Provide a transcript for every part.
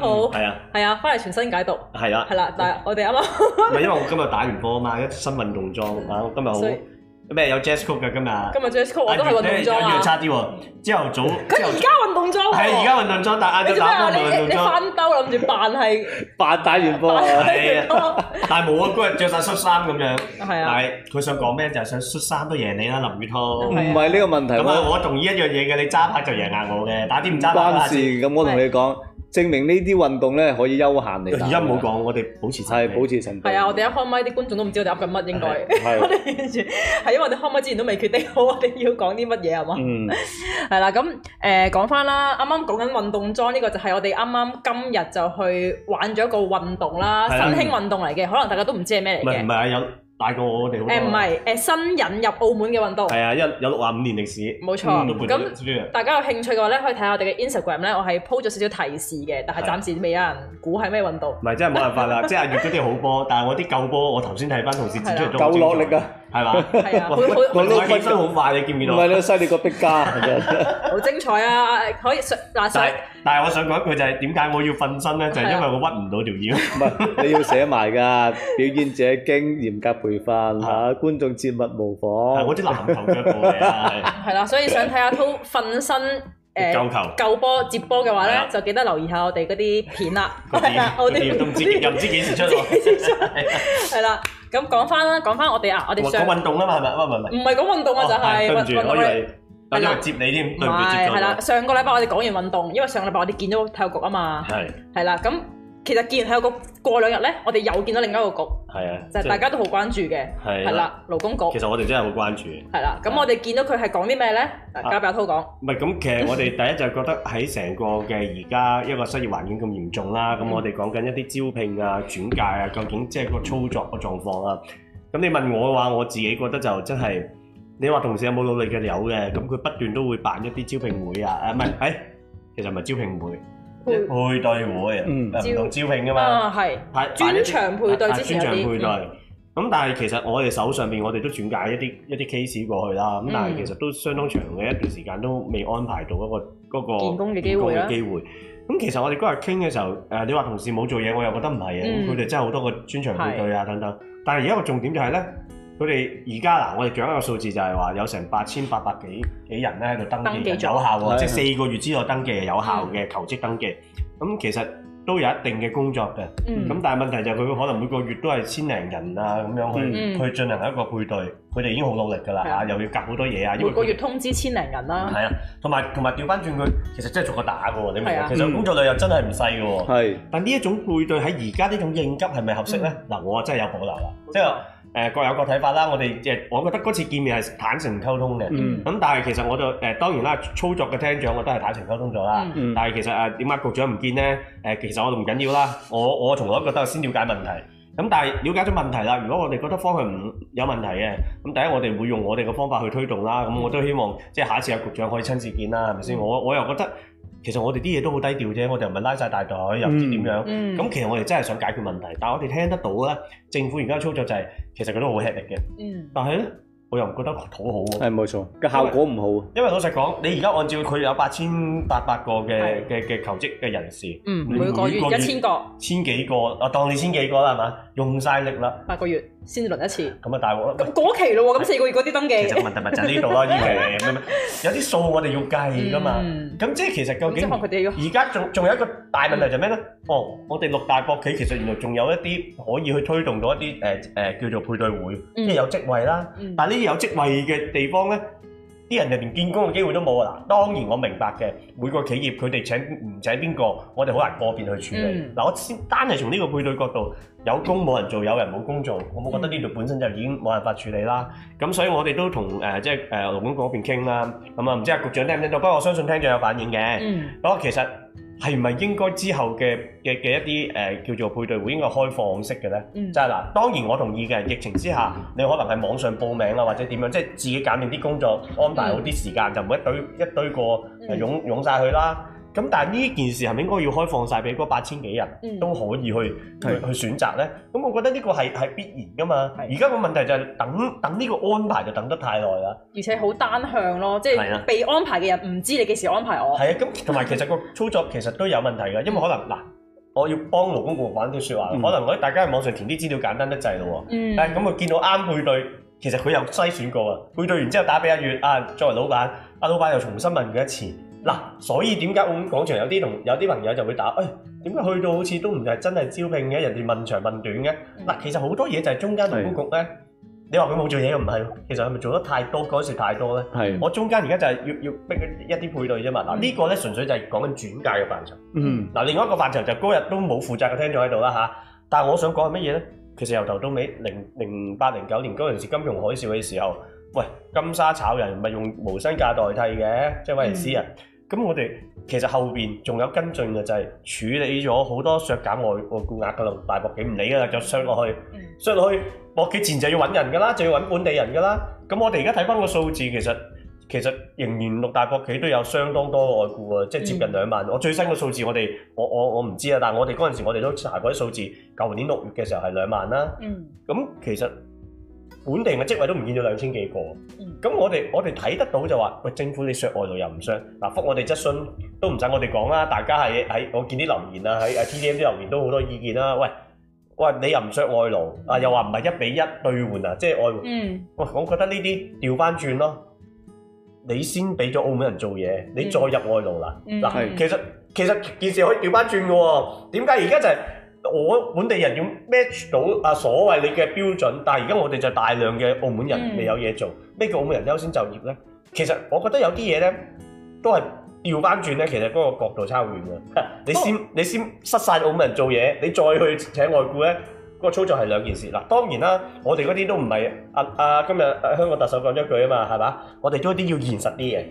好，係啊，係啊，翻嚟傳新解毒，係啦，係啦，就係我哋啱啱唔係，因為我今日打完波啊嘛，一身運動裝啊，今日好咩有 jazz 曲㗎今日，今日 jazz 曲 o 我都係運動裝啊，越差啲。之後早佢而家運動裝，係而家運動裝，但係晏晝打運動裝，翻兜諗住扮係扮打完波，係，但係冇啊，嗰日着晒恤衫咁樣，係啊，佢想講咩就係想恤衫都贏你啦，林宇滔，唔係呢個問題，咁我同意一樣嘢嘅，你揸牌就贏硬我嘅，打啲唔揸牌都關事，咁我同你講。證明呢啲運動咧可以休閒嚟。而家冇講，對我哋保持晒，保持順。係啊，我哋一開麥啲觀眾都唔知我哋噏緊乜應該。係 因為我哋開麥之前都未決定好，我哋要講啲乜嘢係嘛？係、嗯 呃、啦，咁誒講翻啦，啱啱講緊運動裝呢、呢個就係我哋啱啱今日就去玩咗一個運動啦，新、嗯、興運動嚟嘅，可能大家都唔知係咩嚟嘅。唔係啊有。大過我哋誒，唔係誒新引入澳門嘅運動係啊，一有六十五年歷史。冇錯，咁、嗯、那大家有興趣嘅話咧，可以睇下我哋嘅 Instagram 咧，我係 post 咗少少提示嘅，但係暫時未有人估係咩運動。唔係真係冇辦法啦， 即係阿月嗰啲好波，但係我啲舊波，我頭先睇翻同事指出嚟都好勁嘅。係嘛？係啊 是吧，佢好佢呢個瞓身好快，你見唔見到？唔係你犀利過畢加， 好精彩啊！可以上、啊， 但係但係我想講一句，就是，就係點解我要瞓身咧？就係因為我屈唔到條腰。唔 係你要寫埋噶，表演者經嚴格培訓，吓、啊、觀眾切勿模仿。我啲籃球腳嚟噶，係啦，所以想睇下濤瞓身。誒，救球、救波、接波嘅話咧，就記得留意下我哋嗰啲片啦。係啦，我哋都唔知，又唔知幾時出。係啦，咁講翻啦，講翻我哋啊，我哋上講運動啊嘛，係咪？唔係講運動啊，就係運動。我以為接你添，對唔對？係啦，上個禮拜我哋講完運動，因為上個禮拜我哋見到體育局啊嘛。係係啦，咁。其實既然喺個過兩日咧，我哋又見到另一個局，係啊，就係大家都好關注嘅，係啦，勞工局。其實我哋真係好關注。係啦，咁我哋見到佢係講啲咩咧？交俾阿濤講。唔係，咁其實我哋第一就係覺得喺成個嘅而家一個失業環境咁嚴重啦，咁我哋講緊一啲招聘啊、轉介啊，究竟即係個操作嘅狀況啊？咁你問我嘅話，我自己覺得就真係，你話同事有冇努力嘅，有嘅，咁佢不斷都會辦一啲招聘會啊，誒唔係，誒，其實唔係招聘會。配對會，嗯，唔同招聘噶嘛，啊，係，係專場配對，專場配對。咁對、嗯、但係其實我哋手上邊，我哋都轉介一啲一啲 case 過去啦。咁但係其實都相當長嘅一段時間都未安排到一個見工嘅機會咁、啊、其實我哋嗰日傾嘅時候，誒、啊、你話同事冇做嘢，我又覺得唔係嘅。佢哋、嗯、真係好多個專場配對啊是等等。但係而家個重點就係咧。佢哋而家嗱，我哋講一個數字就係話有成八千八百幾幾人咧喺度登記有效喎，即四個月之內登記係有效嘅求職登記。咁其實都有一定嘅工作嘅。咁但係問題就係佢可能每個月都係千零人啊咁樣去去進行一個配對。佢哋已經好努力㗎啦，又要夾好多嘢啊。因為每個月通知千零人啦。係啊，同埋同埋調翻轉佢，其實真係逐個打嘅喎。你明唔明？其實工作量又真係唔細嘅喎。但呢一種配對喺而家呢種應急係咪合適咧？嗱，我真係有保留啦，即係。誒各有各睇法啦，我哋即係我覺得嗰次見面係坦誠溝通嘅。咁、嗯、但係其實我就誒當然啦，操作嘅廳長我都係坦誠溝通咗啦。嗯、但係其實誒點解局長唔見咧？誒其實我都唔緊要啦，我我從來都覺得先了解問題。咁但係了解咗問題啦，如果我哋覺得方向唔有問題嘅，咁第一我哋會用我哋嘅方法去推動啦。咁、嗯、我都希望即係下一次阿局長可以親自見啦，係咪先？嗯、我我又覺得。其實我哋啲嘢都好低調啫，我哋又唔係拉曬大隊，又唔知點樣。咁、嗯嗯、其實我哋真係想解決問題，但係我哋聽得到咧，政府而家操作就係、是，其實佢都好吃力嘅。嗯、但係咧。我又唔覺得討好喎，係冇錯，個效果唔好。因為老實講，你而家按照佢有八千八百個嘅嘅嘅求職嘅人士，嗯，每個月一千個，千幾個，我當你千幾個啦，係嘛，用晒力啦，八個月先至輪一次，咁啊大鑊，咁過期咯喎，咁四個月嗰啲登記，其實問題咪就係呢度咯，依期，有啲數我哋要計㗎嘛，咁即係其實究竟，而家仲仲有一個大問題就咩咧？哦、我哋六大國企其實原來仲有一啲可以去推動到一啲誒誒叫做配對會，即係有職位啦。但係呢啲有職位嘅地方咧，啲人就連見工嘅機會都冇啊！嗱，當然我明白嘅，每個企業佢哋請唔請邊個，我哋好難個別去處理。嗱、嗯，我單係從呢個配對角度，有工冇人做，有人冇工做，我冇覺得呢度本身就已經冇辦法處理啦。咁所以我哋都同誒、呃、即係誒勞工局嗰邊傾啦。咁啊，唔知阿局長聽唔聽到？不過我相信聽眾有反應嘅。不過、嗯、其實。係咪應該之後嘅嘅嘅一啲誒、呃、叫做配對會應該開放式嘅咧？嗯、就係、是、嗱，當然我同意嘅。疫情之下，你可能係網上報名啊，或者點樣，即係自己揀定啲工作，安排好啲時間，嗯、就唔會一堆一堆個湧、嗯、湧晒去啦。咁但係呢件事係咪應該要開放晒俾嗰八千幾人都可以去、嗯、去是的 去選擇呢？咁我覺得呢個係係必然噶嘛。而家個問題就係等等呢個安排就等得太耐啦。而且好單向咯，即係被安排嘅人唔知你幾時安排我。係啊，咁同埋其實個操作其實都有問題㗎，因為可能嗱， 我要幫勞工局辦啲説話，嗯、可能我大家喺網上填啲資料簡單得滯咯喎。誒、嗯，咁佢見到啱配對，其實佢又篩選過啊。配對完之後打俾阿月，阿作為老闆，阿老闆又重新問佢一次。嗱，所以點解澳門廣場有啲同有啲朋友就會打？誒，點解去到好似都唔係真係招聘嘅？人哋問長問短嘅。嗱，其實好多嘢就係中間唔公局咧。你話佢冇做嘢又唔係，其實係咪做得太多嗰時太多咧？我中間而家就係要要逼一啲配對啫嘛。嗱，呢個咧純粹就係講緊轉介嘅範疇。嗯。嗱，另外一個範疇就係嗰日都冇負責嘅聽眾喺度啦嚇，但係我想講係乜嘢咧？其實由頭到尾零零八零九年嗰陣時金融海嘯嘅時候，喂，金沙炒人唔係用無薪假代替嘅，即係威尼斯人。咁我哋其實後邊仲有跟進嘅就係處理咗好多削減外外僱額嘅啦，大博企唔理啦，就削落去，削落、嗯、去博企前就要揾人㗎啦，就要揾本地人㗎啦。咁我哋而家睇返個數字，其實其實仍然六大博企都有相當多外僱啊，即、就、係、是、接近兩萬。嗯、我最新嘅數字我哋我我我唔知啊，但係我哋嗰陣時我哋都查過啲數字，舊年六月嘅時候係兩萬啦。嗯，咁其實。本地嘅職位都唔見咗兩千幾個，咁我哋我哋睇得到就話，喂，政府你削外勞又唔削，嗱、啊、覆我哋質詢都唔使我哋講啦，大家係喺我見啲留言啊，喺 TDM 啲留言都好多意見啦，喂喂，你又唔削外勞啊，又話唔係一比一兌換、即係嗯、啊，即係外換，喂，我覺得呢啲調翻轉咯，你先俾咗澳門人做嘢，你再入外勞啦，嗱係其實其實件事可以調翻轉嘅喎，點解而家就係？我本地人要 match 到啊，所謂你嘅標準，但係而家我哋就大量嘅澳門人未有嘢做，咩、嗯、叫澳門人優先就業呢，其實我覺得有啲嘢呢都係調翻轉呢。其實嗰個角度差好遠嘅。你先你先失晒澳門人做嘢，你再去請外僱呢，嗰、嗰個操作係兩件事。嗱，當然啦，我哋嗰啲都唔係啊啊！今日、啊、香港特首講咗句啊嘛，係嘛？我哋都啲要現實啲嘅，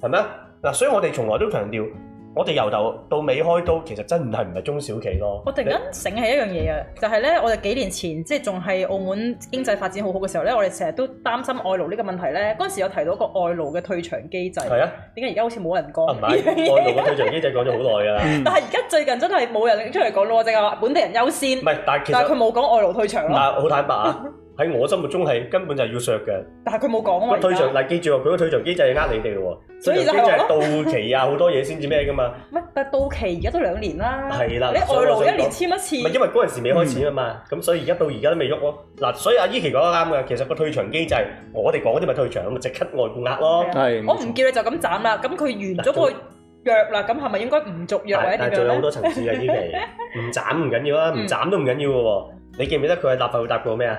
係咪？嗱，所以我哋從來都強調。我哋由頭到尾開刀，其實真係唔係中小企咯。我突然間醒起一樣嘢啊，就係咧，我哋幾年前即係仲係澳門經濟發展好好嘅時候咧，我哋成日都擔心外勞呢個問題咧。嗰時有提到個外勞嘅退場機制，係啊，點解而家好似冇人講？唔係、啊、 外勞嘅退場機制講咗好耐噶啦。 但係而家最近真係冇人拎出嚟講咯，淨係話本地人優先。唔係，但係其實佢冇講外勞退場咯。嗱，好坦白啊，喺 我心目中係根本就係要削嘅。但係佢冇講啊。退場嗱，記住啊，佢個退場機制係呃你哋咯喎。所以就係到期啊，好多嘢先至咩噶嘛。乜？但到期而家都兩年啦。係啦了，你外勞一年簽一次。唔係因為嗰陣時未開始啊嘛，咁、嗯、所以而家到而家都未喐咯。嗱，所以阿依琪講得啱噶，其實個退場機制、就係，我哋講嗰啲咪退場，咪即刻外僱壓咯。係、啊。錯我唔叫你就咁斬啦，咁佢完咗個約啦，咁係咪應該唔續約啊？但係仲有好多層次啊，依琪、 啊。唔斬唔緊要啦、啊，唔斬都唔緊要喎。你記唔記得佢係立法會答過咩啊？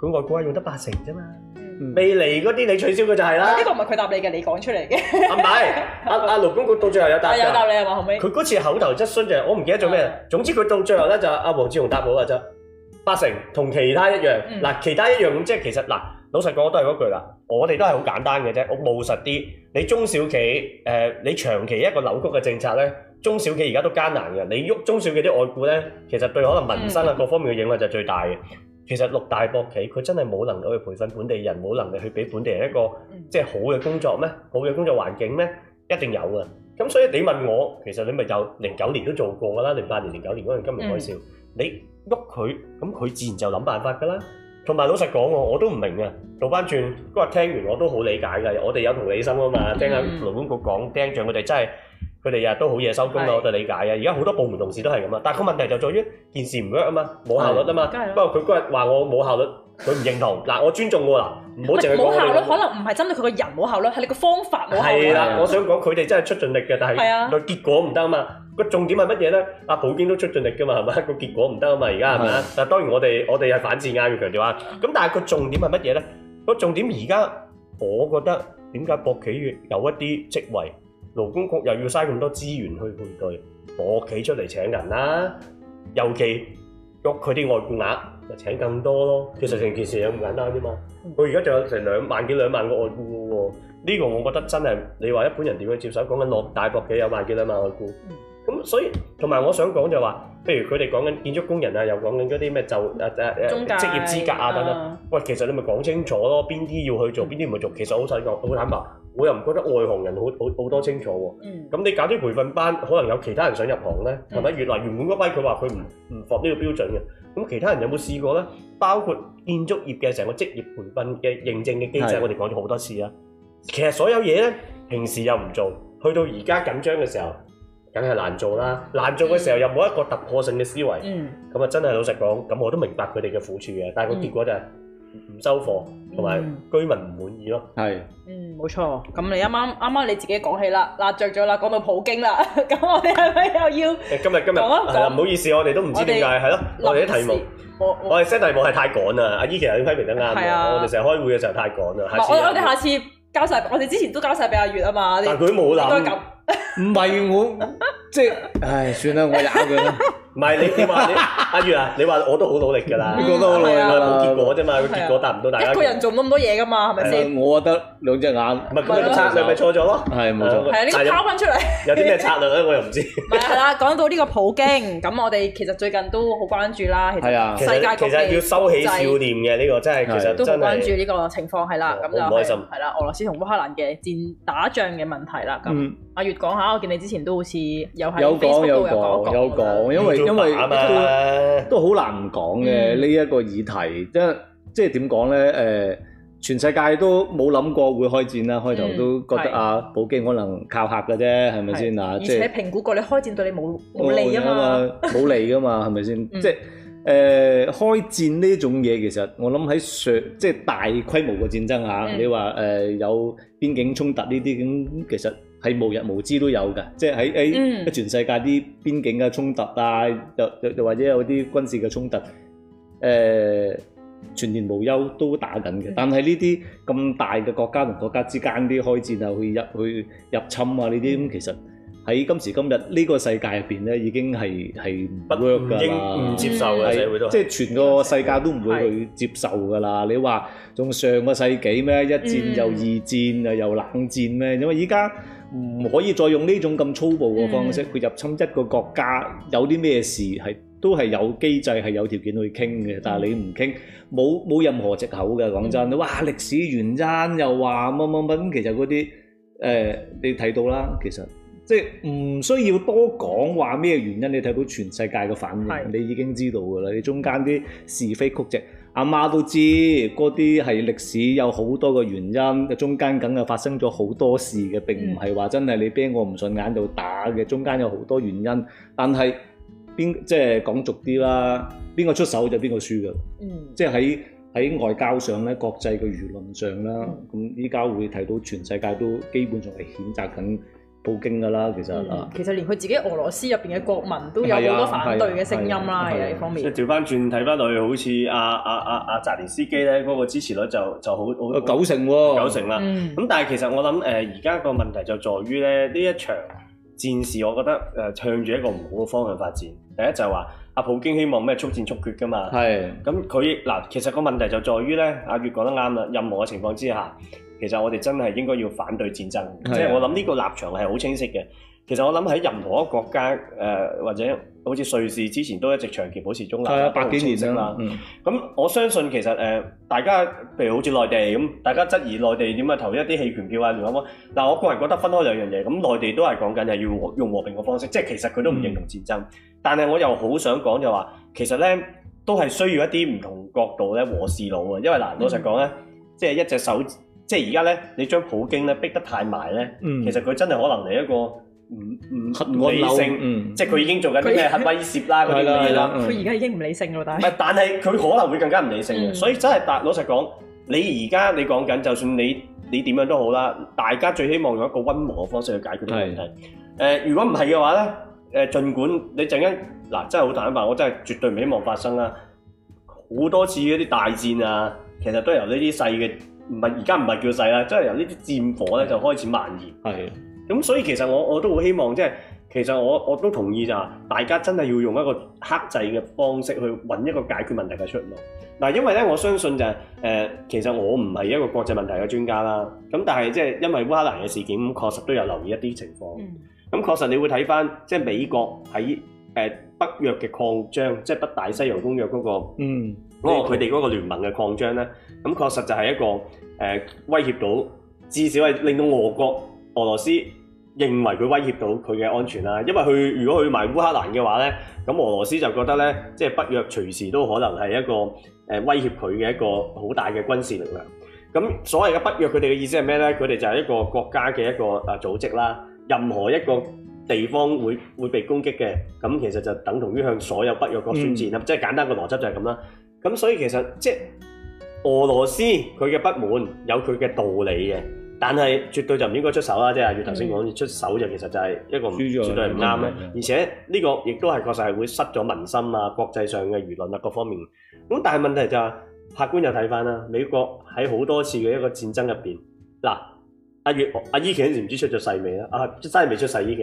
佢外僱啊，用得八成啫嘛。未嚟嗰啲你取消嘅就係啦。呢、啊這個唔係佢答你嘅，你講出嚟嘅。唔 係、啊，阿、啊、阿勞工局到最後有答、啊。有答你係嘛後尾？佢嗰次口頭質詢就我唔記得做咩。嗯、總之佢到最後咧就阿黃志雄答我嘅啫，就是、八成同其他一樣。嗱、嗯、其他一樣咁即係其實嗱，老實講我都係嗰句啦，我哋都係好簡單嘅啫，我務實啲。你中小企誒、呃，你長期一個扭曲嘅政策咧，中小企而家都艱難嘅。你喐中小企啲外僱咧，其實對可能民生啊各方面嘅影響就係最大嘅。嗯其實六大博企佢真係冇能力去培訓本地人，冇能力去俾本地人一個即係、就是、好嘅工作咩？好嘅工作環境咩？一定有嘅。咁所以你問我，其實你咪有零九年都做過㗎啦，零八年、零九年嗰陣、那個、金融海嘯，嗯、你喐佢，咁佢自然就諗辦法㗎啦。同埋老實講，我我都唔明啊。倒翻轉嗰日聽完我都好理解㗎。我哋有同理心啊嘛，嗯、聽下勞工局講，釘住我哋真係。佢哋日日都好夜收工咯，我都理解嘅。而家好多部門同事都係咁啊，但個問題就在於件事唔 work 啊嘛，冇效率啊嘛。不過佢嗰日話我冇效率，佢唔認同。嗱，我尊重㗎啦，唔好淨係講佢。冇效率可能唔係針對佢個人冇效率，係你個方法冇效率。係啦，我想講佢哋真係出盡力嘅，但係個結果唔得啊嘛。個重點係乜嘢咧？阿普京都出盡力㗎嘛，係嘛？個結果唔得啊嘛，而家係咪啊？但係當然我哋我哋係反戰嘅，強調啊。咁但係個重點係乜嘢咧？個重點而家我覺得點解博企有有一啲職位？勞工局又要嘥咁多資源去配對，我企出嚟請人啦、啊，尤其喐佢啲外雇額，就請更多咯。其實成件事有咁簡單啫嘛。佢而家仲有成兩萬幾兩萬個外雇嘅喎，呢、呢個我覺得真係你話一般人點去接手，講緊落大博企有萬幾兩萬外雇。咁所以同埋我想講就話，譬如佢哋講緊建築工人啊，又講緊嗰啲咩就啊啊職業資格啊等等。喂，其實你咪講清楚咯，邊啲要去做，邊啲唔去做。其實好細個，好坦白。我又唔覺得外行人好好，好多清楚喎，啊。咁、嗯、你搞啲培訓班，可能有其他人想入行呢？係咪，嗯？原來原本嗰批佢話佢唔唔符合呢個標準嘅，咁其他人有冇試過呢？包括建築業嘅成個職業培訓嘅認證嘅機制，是我哋講咗好多次啦。其實所有嘢呢，平時又唔做，去到而家緊張嘅時候，梗係難做啦。難做嘅時候又冇一個突破性嘅思維，咁啊、嗯、真係老實講，咁我都明白佢哋嘅苦處嘅，但係個結果就係、嗯。唔收貨同埋居民唔滿意咯，係，嗯冇錯。咁你啱啱啱啱你自己講起啦，嗱着咗啦，講到普京啦，咁我哋係咪又要？今日今日係啦，唔好意思，我哋都唔知點解係咯，我哋啲題目，我哋 set 題目係太趕啦，阿姨其實你批評得啱，係啊，我哋成日開會嘅時候太趕啦。我我哋下次交晒，我哋之前都交晒俾阿月啊嘛，但佢冇諗唔係我即係，唉算啦，我咬佢啦。唔係你你話阿月啊，你話我都好努力㗎啦，你過得好耐係冇結果啫嘛，個結果達唔到大家。一個人做咁多嘢㗎嘛，係咪先？我覺得兩隻眼，咪個策略咪錯咗咯，係冇錯。係啊，呢啲拋翻出嚟。有啲咩策略咧？我又唔知。唔係係啦，講到呢個普京，咁我哋其實最近都好關注啦。係啊，世界其實要收起笑臉嘅呢個真係其實真係都關注呢個情況係啦，咁就係啦，俄羅斯同烏克蘭嘅戰打仗嘅問題啦。咁阿月講下，我見你之前都好似有喺有講一講，因為。因為都好難講嘅呢一個議題，即係即係點講咧？誒、呃，全世界都冇諗過會開戰啦。開頭都覺得啊，嗯、普京可能靠客嘅啫，係咪先嗱？即是而且評估過你開戰對你冇冇利啊嘛，冇利噶嘛，係咪先？即誒、呃、開戰呢種嘢，其實我諗喺上即係大規模嘅戰爭嚇，你話誒有邊境衝突呢啲咁嘅事。其實係無日無之都有嘅，即係喺喺全世界啲邊境嘅衝突啊，又又又或者有啲軍事嘅衝突，誒全年無休都打緊嘅。但係呢啲咁大嘅國家同國家之間啲開戰啊，去入去入侵啊，呢啲咁其實喺今時今日呢個世界入邊咧，已經係係不應唔接受嘅社會都，即係全個世界都唔會去接受噶啦。你話仲上個世紀咩？一戰又二戰啊，又冷戰咩？因為依家，唔可以再用呢種咁粗暴嘅方式去、嗯、入侵一個國家，有啲咩事係都係有機制係有條件去傾嘅，但係你唔傾，冇冇任何藉口嘅。講真，你、嗯、哇！歷史原因又話乜乜乜，其實嗰啲誒你睇到啦，其實即係唔需要多講話咩原因，你睇到全世界嘅反應，的你已經知道㗎啦。你中間啲是非曲直。阿媽都知嗰啲係歷史有好多個原因，嘅中間梗係發生咗好多事嘅，並唔係話真係你畀我唔順眼就打嘅，中間有好多原因。但係邊即係講俗啲啦，邊個出手就邊個輸㗎，嗯、即係喺喺外交上咧，國際嘅輿論上啦，咁依家會睇到全世界都基本上係譴責緊。報經噶啦，其實其實連佢自己俄羅斯入邊嘅國民都有好多反對嘅聲音啦，喺呢方面。即係調翻轉睇翻落去，好似阿阿阿阿澤連斯基咧，嗰個支持率就就好九成九成啦。咁、嗯、但係其實我諗誒，而家個問題就在於咧，呢一場戰事，我覺得誒向住一個唔好嘅方向發展。第一就係話阿普京希望咩速戰速決噶嘛，係，咁佢嗱，其實個問題就在於咧，阿月講得啱啦，任何嘅情況之下。其實我哋真係應該要反對戰爭，的即係我諗呢個立場係好清晰嘅。的其實我諗喺任何一個國家，誒、呃、或者好似瑞士之前都一直長期保持中立，的百幾年啊嘛。咁、嗯、我相信其實誒、呃、大家譬如好似內地咁，大家質疑內地點啊投一啲棄權票啊，聯好啊嗱，我個人覺得分開兩樣嘢。咁、呃、內地都係講緊係要用和平嘅方式，即係其實佢都唔認同戰爭。嗯、但係我又好想講就話，其實咧都係需要一啲唔同角度咧和事佬啊，因為嗱老、呃、實講咧，即係一隻手。嗯即係而家咧，你將普京咧逼得太埋咧，其實佢真係可能嚟一個唔唔理性，嗯、即係佢已經做緊啲咩核威脅啦嗰啲咁嘅嘢啦。佢而家已經唔理性咯，但係唔係？但係佢可能會更加唔理性嘅。嗯、所以真係，老實講，你而家你講緊，就算你你點樣都好啦，大家最希望用一個溫和嘅方式去解決呢個問題。誒是的、呃，如果唔係嘅話咧，誒，儘管你陣間嗱，真係好坦白，我真係絕對唔希望發生啦。好多次嗰啲大戰啊，其實都係由呢啲細嘅。唔係而家唔係叫細啦，即係由呢啲戰火咧就開始蔓延。係咁的，所以其實我我都好希望，即係其實我我都同意就大家真係要用一個克制嘅方式去揾一個解決問題嘅出路。嗱，因為呢，我相信就係誒，其實我唔係一個國際問題嘅專家啦。咁但係即係因為烏克蘭嘅事件，咁確實都有留意一啲情況。咁確實你會睇翻，即係美國喺誒北約嘅擴張，即係北大西洋公約嗰個，嗯，即佢哋嗰個聯盟嘅擴張呢，咁確實就係一個。誒威脅到，至少係令到俄國、俄羅斯認為佢威脅到佢嘅安全啦。因為佢如果去埋烏克蘭嘅話呢，咁俄羅斯就覺得呢，即係北約隨時都可能係一個誒威脅佢嘅一個好大嘅軍事力量。咁所謂嘅北約，佢哋嘅意思係咩呢？佢哋就係一個國家嘅一個啊組織啦。任何一個地方會會被攻擊嘅，咁其實就等同於向所有北約國宣戰啦。嗯、即係簡單嘅邏輯就係咁啦。咁所以其實即俄羅斯佢嘅不滿有佢嘅道理嘅，但係絕對就唔應該出手啦，即係阿月頭先講，要出手就其實就係一個絕對係唔啱嘅，而且呢個亦都係確實係會失咗民心啊，國際上嘅輿論啊各方面。咁但係問題就係、是，客觀又睇翻啦，美國喺好多次嘅一個戰爭入邊，嗱、啊，阿月阿、啊、伊奇唔知出咗世未啦？啊，真係未出世伊奇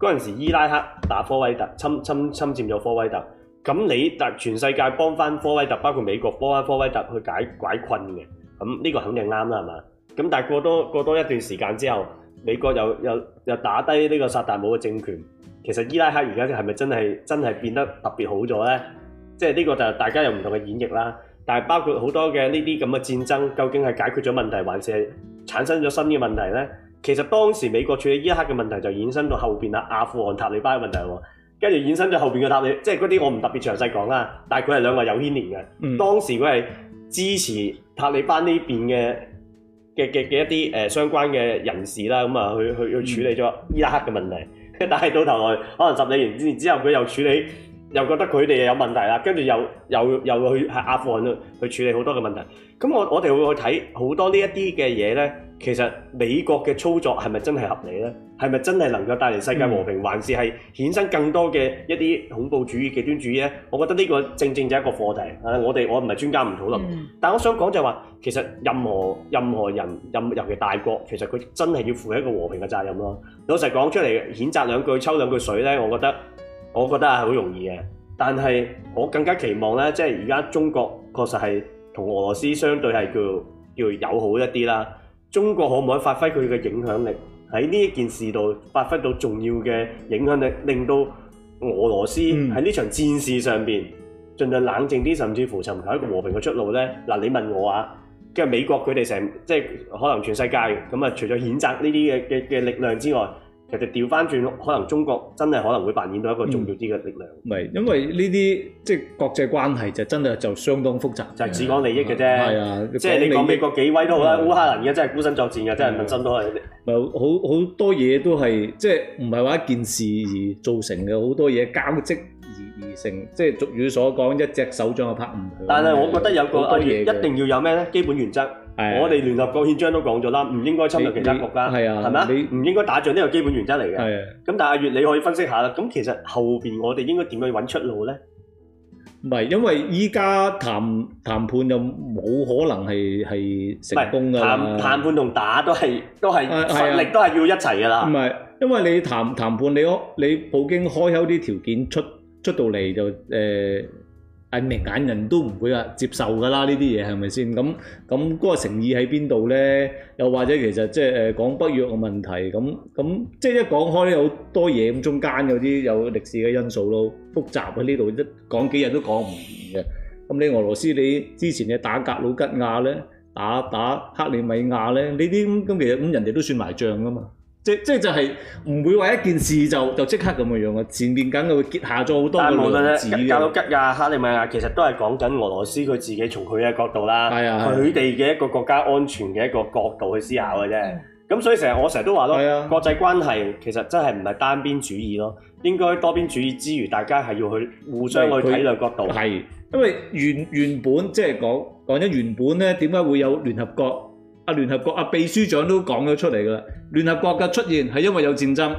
嗰陣時，伊拉克打科威特，侵侵侵佔咗科威特。咁你但全世界幫翻科威特，包括美國幫翻科威特去解解困嘅，咁呢個肯定啱啦，係嘛？咁但係過多過多一段時間之後，美國又又又打低呢個薩達姆嘅政權，其實伊拉克而家係咪真係真係變得特別好咗呢？即係呢個就大家有唔同嘅演繹啦。但係包括好多嘅呢啲咁嘅戰爭，究竟係解決咗問題，還是係產生咗新嘅問題呢？其實當時美國處理伊拉克嘅問題，就衍生到後邊啦，阿富汗塔利班嘅問題喎。跟住衍生咗後邊嘅塔利，即係嗰啲我唔特別詳細講啦，但係佢係兩個有牽連嘅。嗯、當時佢係支持塔利班呢邊嘅嘅嘅一啲誒、呃、相關嘅人士啦，咁啊、嗯、去去去處理咗伊拉克嘅問題。但係到頭來可能執理完之之後，佢又處理又覺得佢哋又有問題啦，跟住又又又去係阿富汗度去處理好多嘅問題。咁我我哋會去睇好多呢一啲嘅嘢呢。其實美國嘅操作係咪真係合理呢？係咪真係能夠帶嚟世界和平，還是係衍生更多嘅一啲恐怖主義、極端主義呢？我覺得呢個正正就係一個課題。我哋我唔係專家，唔討論。但我想講就係話，其實任何任何人，任尤其大國，其實佢真係要負一個和平嘅責任咯。老實講出嚟，譴責兩句、抽兩句水呢，我覺得我覺得係好容易嘅。但係我更加期望呢，即係而家中國確實係同俄羅斯相對係叫叫友好一啲啦。中國可唔可以發揮佢嘅影響力喺呢一件事度發揮到重要嘅影響力，令到俄羅斯喺呢場戰事上面盡量冷靜啲，甚至乎尋求一個和平嘅出路呢？嗱，你問我啊，跟住美國佢哋成即係可能全世界嘅，咁啊除咗譴責呢啲嘅嘅嘅力量之外。其實調返轉，可能中國真係可能會扮演到一個重要啲嘅力量。嗯、因為呢啲即係國際關係就真係就相當複雜，就係只講利益嘅啫。即係、啊啊、你講美國幾威都好啦，烏、啊啊、克蘭而家真係孤身作戰係、啊、真係問心都係。唔、嗯、好好多嘢都係即係唔係話一件事而造成嘅，好多嘢交織而而成。即係俗語所講，一隻手掌就拍唔響。但係我覺得有個一定要有咩呢？基本原則。我哋聯合國憲章都講咗啦，唔應該侵略其他國家，係咪啊？你唔應該打仗，呢個基本原則嚟嘅。咁但阿月，你可以分析下啦。咁其實後邊我哋應該點樣揾出路咧？唔係，因為依家談談判就冇可能係係成功噶。談談判同打都係都係，實力都係要一齊噶啦。唔係，因為你談談判，你可你普京開口啲條件出出到嚟就誒。明眼人都唔會話接受㗎啦，呢啲嘢係咪先？咁咁嗰個誠意喺邊度咧？又或者其實即係誒講北約嘅問題咁咁，即係一講開有好多嘢咁，中間有啲有歷史嘅因素咯，複雜喺呢度一講幾日都講唔完嘅。咁你俄羅斯你之前你打格魯吉亞咧，打打克里米亞咧，呢啲咁咁其實咁人哋都算埋賬㗎嘛。即即就係唔會話一件事就就即刻咁嘅樣啊！前面梗嘅會結下咗好多嘅例子嘅。但係冇啦，吉，格魯吉亞啊！克里米亞啊，其實都係講緊俄羅斯佢自己從佢嘅角度啦，佢哋嘅一個國家安全嘅一個角度去思考嘅啫。咁、啊啊、所以成日我成日都話咯，啊、國際關係其實真係唔係單邊主義咯，應該多邊主義之餘，大家係要去互相去體諒角度。係，因為原原本即係、就是、講講咗原本咧，點解會有聯合國？啊，聯合國啊，秘書長都講咗出嚟㗎啦，聯合國嘅出現係因為有戰爭，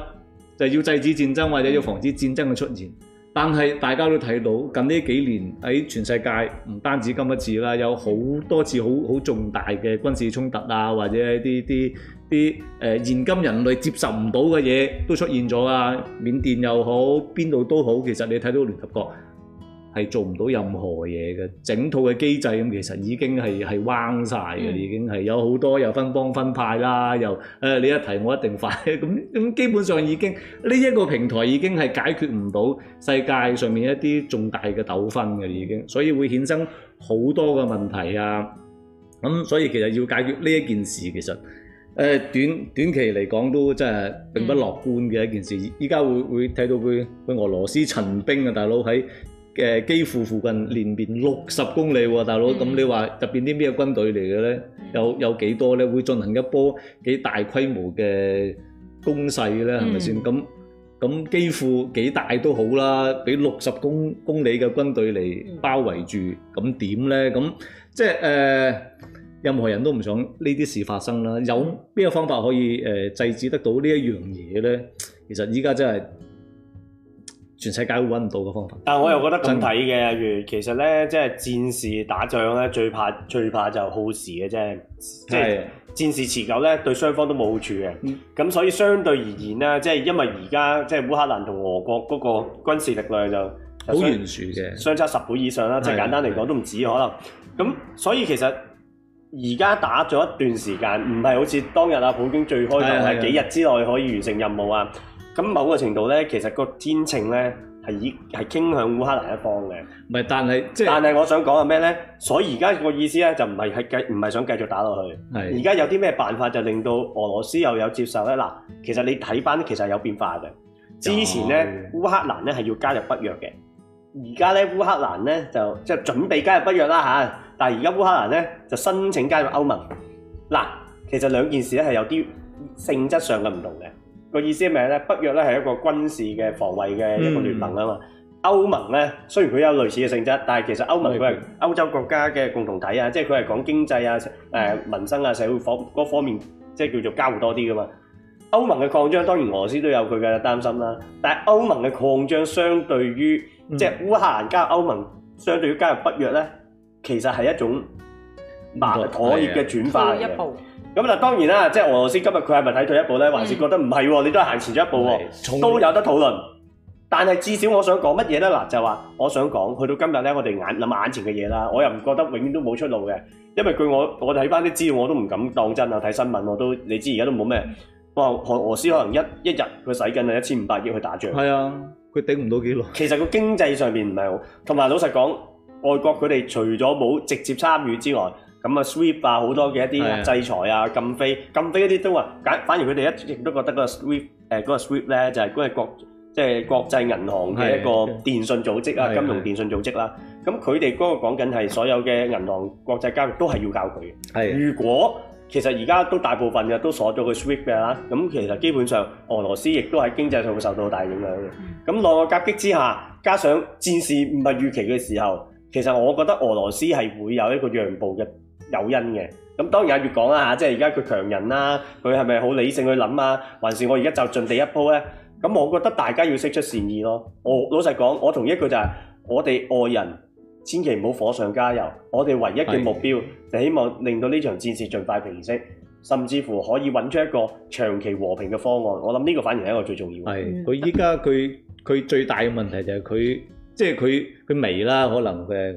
就係要制止戰爭或者要防止戰爭嘅出現。但係大家都睇到近呢幾年喺全世界唔單止今一次啦，有好多次好好重大嘅軍事衝突啊，或者一啲啲啲誒現今人類接受唔到嘅嘢都出現咗啊。緬甸又好，邊度都好，其實你睇到聯合國，係做唔到任何嘢嘅，整套嘅機制咁其實已經係係彎晒嘅，已經係有好多又分幫分派啦，又誒、呃、你一提我一定快，咁、嗯、咁、嗯、基本上已經呢一、這個平台已經係解決唔到世界上面一啲重大嘅糾紛嘅已經，所以會衍生好多嘅問題啊，咁、嗯、所以其實要解決呢、呃、一件事其實誒短短期嚟講都真係並不樂觀嘅一件事，依家、嗯、會會睇到佢佢俄羅斯陳兵啊，大佬喺。嘅基輔附近連綿六十公里喎、哦，大佬，咁、嗯、你話入邊啲咩軍隊嚟嘅咧？有有幾多咧？會進行一波幾大規模嘅攻勢咧？係咪先？咁咁基輔幾大都好啦，俾六十公公里嘅軍隊嚟包圍住，咁點咧？咁即係誒、呃，任何人都唔想呢啲事發生啦。有邊個方法可以誒、呃、制止得到呢一樣嘢咧？其實依家真係～全世界會揾唔到嘅方法。但係我又覺得咁睇嘅，例如的其實咧，即係戰事打仗咧，最怕最怕就耗時嘅，啫是。即係戰事持久咧，對雙方都冇好處嘅。咁、嗯、所以相對而言啦，即係因為而家即係烏克蘭同俄國嗰個軍事力量就好懸殊嘅，相差十倍以上啦，的即係簡單嚟講都唔止可能。咁的所以其實而家打咗一段時間，唔係好似當日啊，普京最開心係幾日之內可以完成任務啊？的咁某個程度咧，其實個天秤咧係以係傾向烏克蘭一方嘅。唔係，就是、但係即係。但係我想講係咩咧？所以而家個意思咧就唔係係繼唔係想繼續打落去。係的。而家有啲咩辦法就令到俄羅斯又有接受咧？嗱，其實你睇返其實有變化嘅。之前咧，的烏克蘭咧係要加入北約嘅。而家咧，烏克蘭咧就即係準備加入北約啦吓。但係而家烏克蘭咧就申請加入歐盟。嗱，其實兩件事咧係有啲性質上嘅唔同嘅。個意思係咩咧？北約咧係一個軍事嘅防衞嘅一個聯盟啊嘛。歐盟咧雖然佢有類似嘅性質，但係其實歐盟佢係歐洲國家嘅共同體啊，即係佢係講經濟啊、誒民生啊、社會方嗰方面，即係叫做交互多啲㗎嘛。歐盟嘅擴張當然俄羅斯都有佢嘅擔心啦，但係歐盟嘅擴張相對於即係烏克蘭加入歐盟，相對於加入北約咧，其實係一種難可逆嘅轉化嘅一步。咁當然啦，即係俄羅斯今日佢係咪睇退一步呢？還是覺得唔係？嗯、你都係行前一步，都有得討論。但係至少我想講乜嘢呢？嗱、就係，就話我想講，去到今日呢，我哋眼諗眼前嘅嘢啦。我又唔覺得永遠都冇出路嘅，因為據我我睇翻啲資料，我都唔敢當真啊。睇新聞我都，你知而家都冇咩。哇，俄俄羅斯可能一一日佢使緊啊一千五百億去打仗，係啊，佢頂唔到幾耐。其實個經濟上面唔係好，同埋老實講，外國佢哋除咗冇直接參與之外。咁啊，Swift 啊，好多嘅一啲制裁啊，禁飛禁飛一啲都話，反反而佢哋一直都覺得個 Swift 誒嗰個 Swift 咧就係嗰個國即係國際銀行嘅一個電信組織啊，金融電信組織啦。咁佢哋嗰個講緊係所有嘅銀行國際交易都係要靠佢。如果其實而家都大部分嘅都鎖咗個 Swift 嘅啦，咁其實基本上俄羅斯亦都喺經濟上會受到大影響嘅。咁落個夾擊之下，加上戰事唔係預期嘅時候，其實我覺得俄羅斯係會有一個讓步嘅。有因嘅，咁當然阿月講啦嚇，即係而家佢強人啦，佢係咪好理性去諗啊？還是我而家就進第一鋪呢？咁我覺得大家要釋出善意咯。我老實講，我同一句就係、是、我哋外人，千祈唔好火上加油。我哋唯一嘅目標就希望令到呢場戰事盡快平息，是甚至乎可以揾出一個長期和平嘅方案。我諗呢個反而係一個最重要。係佢依家佢佢最大嘅問題就係佢即係佢佢眉啦，可能嘅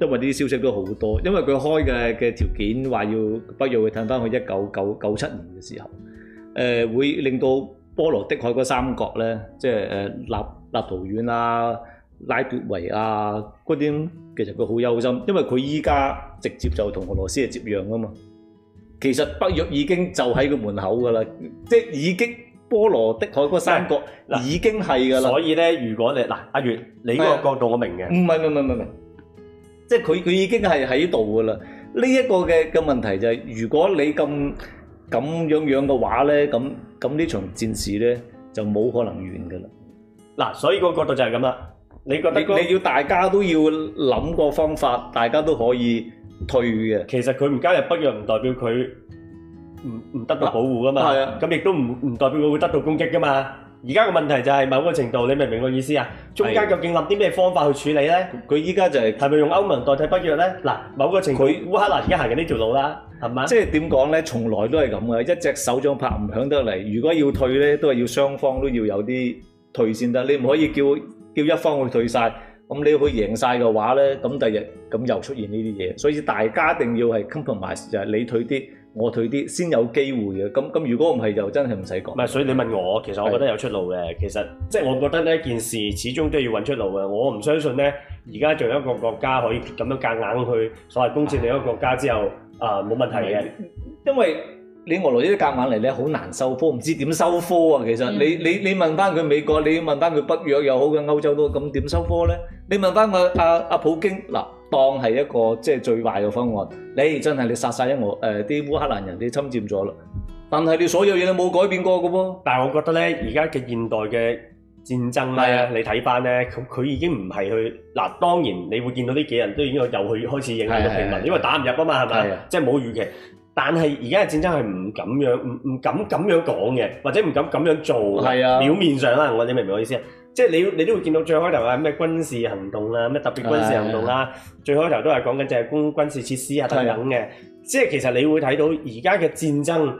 因為呢啲消息都好多，因為佢開嘅嘅條件話要北約會褪翻去一九九九七年嘅時候，誒、呃、會令到波羅的海嗰三角咧，即係誒立立陶宛啊、拉脫維亞嗰啲，其實佢好憂心，因為佢依家直接就同俄羅斯係接壤啊嘛。其實北約已經就喺佢門口噶啦，即係已經波羅的海嗰三角已經係噶啦。所以咧，如果你嗱，阿月你個角度是我明嘅，唔係唔係唔唔係。即係佢佢已經係喺度噶啦，呢、這、一個嘅嘅問題就係、是，如果你咁咁樣樣嘅話咧，咁咁呢場戰事咧就冇可能完噶啦。嗱、啊，所以個角度就係咁啦。你覺得、那個、你你要大家都要諗個方法，大家都可以退嘅。其實佢唔加入北約，唔代表佢唔唔得到保護噶嘛。係啊。咁亦都唔唔代表佢會得到攻擊噶嘛。而家嘅問題就係某個程度，你明唔明我意思啊？中間究竟立啲咩方法去處理咧？佢依家就係係咪用歐盟代替北約咧？嗱，某個程度佢它烏克蘭而家行緊呢條路啦，係嘛？即係點講咧？從來都係咁嘅，一隻手掌拍唔響得嚟。如果要退咧，都係要雙方都要有啲退先得。你唔可以叫、嗯、叫一方去退晒。咁你去贏晒嘅話咧，咁第日咁又出現呢啲嘢。所以大家一定要係 compromise，就係你退啲。我退啲先有機會嘅，咁，咁如果唔係就真係唔使講。唔係，所以你問我，其實我覺得有出路嘅。其實即係我覺得呢件事始終都要揾出路嘅。我唔相信咧，而家仲有一個國家可以咁樣夾硬去所謂攻佔另一個國家之後，啊冇問題嘅。因為你俄羅斯夾硬嚟你，好難收科，唔知點收科啊。其實你你你問翻佢美國，你要問翻佢北約又好，佢歐洲都咁點收科咧？你問翻佢阿阿普京嗱。當係一個即係最壞嘅方案，你真係你殺晒一窩，誒啲烏克蘭人，你侵佔咗啦。但係你所有嘢都冇改變過嘅噃。但係我覺得咧，而家嘅現代嘅戰爭咧，的你睇翻咧，咁佢已經唔係去嗱。當然你會見到呢幾人都已經有去開始影響到平民，的因為打唔入啊嘛，係咪？即係冇預期。但係而家嘅戰爭係唔咁樣，唔唔敢咁樣講嘅，或者唔敢咁樣做。係啊的，表面上啦，我你明唔明我意思啊？即係你，你都會見到最開頭啊，咩軍事行動啦，咩特別軍事行動啦，是的 最開頭都係講緊就係攻軍事設施啊等等嘅。是的 即係其實你會睇到而家嘅戰爭，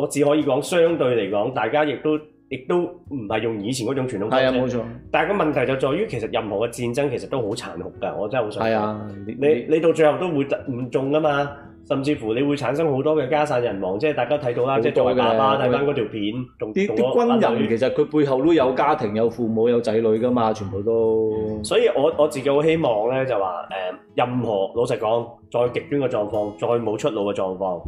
我只可以講相對嚟講，大家亦都亦都唔係用以前嗰種傳統方法。係啊，冇錯。但係個問題就在於，其實任何嘅戰爭其實都好殘酷㗎，我真係好想。係啊的，你你，你到最後都會唔中㗎嘛？甚至乎你會產生好多嘅家散人亡，即係大家睇到啦，即係爸爸睇翻嗰條片，啲啲跟軍人其實佢背後都有家庭、有父母、有仔女㗎嘛，全部都。嗯、所以我我自己好希望咧，就話誒，任何老實講，再極端嘅狀況，再冇出路嘅狀況，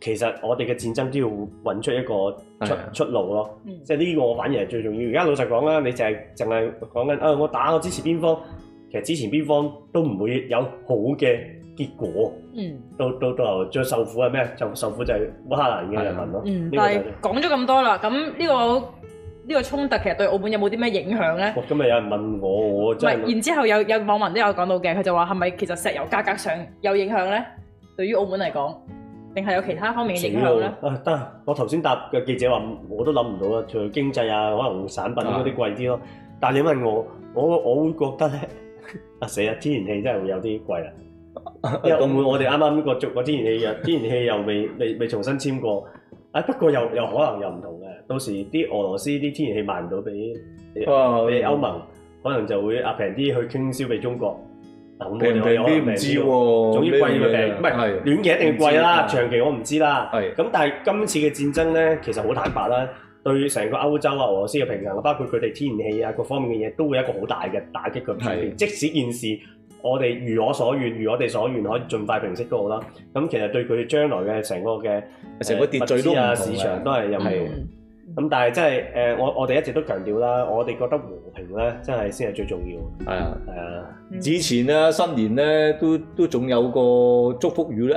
其實我哋嘅戰爭都要搵出一個出、嗯、出路咯。嗯、即係呢個我反而係最重要。而家老實講啦，你淨係淨係講緊啊，我打我支持邊方，其實支持邊方都唔會有好嘅。結果，嗯，到到到最受苦係咩？就受苦就係烏克蘭嘅人民咯。嗯，但係講咗咁多啦，咁呢個呢個衝突其實對澳門有冇啲咩影響咧？哇！今日有人問我，我真係唔係。然之後有有網民都有講到嘅，佢就話係咪其實石油價格上有影響咧？對於澳門嚟講，定係有其他方面影響咧？啊，得！我頭先答嘅記者話，我都諗唔到啊，除經濟啊，可能會產品嗰啲貴啲咯。但係你問我，我我會覺得咧，啊，成日天然氣真係會有啲貴啦。因為我哋啱啱個續個天然氣又天然氣又未未未重新簽過，啊，不過又又可能又唔同嘅，到時啲俄羅斯啲天然氣賣唔到俾，你歐盟可能就會啊，平啲去傾銷俾中國，平唔平我唔知，總之貴唔平，唔係短期一定貴啦，長期我唔知啦，咁但係今次嘅戰爭咧，其實好坦白啦，對成個歐洲啊俄羅斯嘅平衡，包括佢哋天然氣啊各方面嘅嘢，都會有一個好大嘅打擊佢改變，即使件事。我哋如我所願，如我哋所願，可以盡快平息都好啦。咁其實對佢將來嘅成個嘅成個秩序啊、欸、市場都係有唔咁但係真係誒，我我哋一直都強調啦，我哋覺得和平咧真係先係最重要。係啊係啊，之前咧新年咧都都總有個祝福語咧，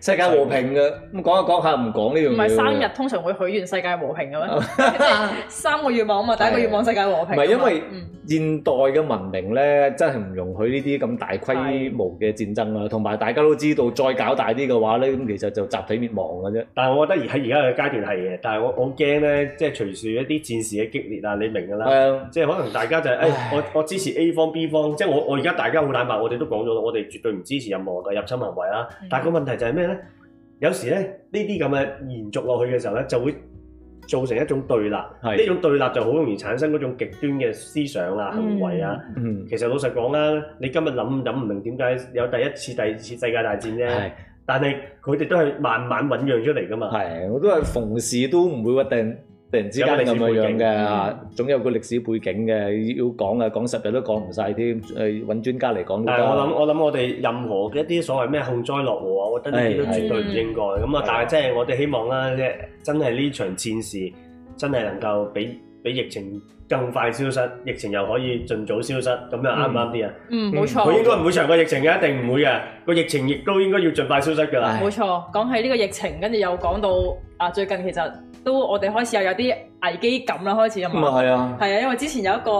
誒世界和平嘅。咁講下講下唔講呢樣？唔係生日通常會許願世界和平嘅咩？三個願望啊嘛，第一個願望世界和平。唔係因為現代嘅文明咧，真係唔容許呢啲咁大規模嘅戰爭啊。同埋大家都知道，再搞大啲嘅話咧，咁其實就集體滅亡嘅啫。但係我覺得而喺而家嘅階段係嘅，但係我我驚咧。即係隨住一啲戰事嘅激烈啊，你明㗎啦。 即係可能大家就係、是、誒，我我支持 A 方 B 方，即係我我而家大家好坦白，我哋都講咗啦，我哋絕對唔支持任何嘅入侵行為啦。的但係個問題就係咩呢？有時咧呢啲咁嘅延續落去嘅時候呢，就會造成一種對立。呢的種對立就好容易產生嗰種極端嘅思想啊、行為啊。的嗯嗯、其實老實講啦，你今日諗諗唔明點解有第一次、第二次世界大戰啫。的但係佢哋都係慢慢醖釀出嚟㗎嘛。係，我都係逢事都唔會一定。 突然之間你咁樣嘅，總有個歷史背景嘅，要講啊，講十日都講唔晒添，誒，搵專家嚟講。但係我諗，我諗我哋任何嘅一啲所謂咩幸災樂禍，我覺得呢啲都絕對唔應該。咁啊，但係即係我哋希望啦，即真係呢場戰事真係能夠比比疫情更快消失，疫情又可以盡早消失，咁樣啱唔啱啲啊？嗯，冇錯。佢應該唔會長過疫情嘅，一定唔會嘅。個疫情亦都應該要盡快消失噶啦。冇錯，講起呢個疫情，跟住又講到啊，最近其實。都我哋開始又有啲危機感啦，開始係嘛？係是啊，係啊，因為之前有一個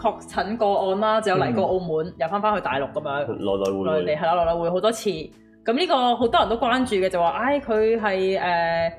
確診個案啦，就有嚟過澳門，嗯、又翻翻去大陸咁樣，來來回來嚟係啦，來來回好多次。咁呢個好多人都關注嘅，就話，唉、哎，佢係誒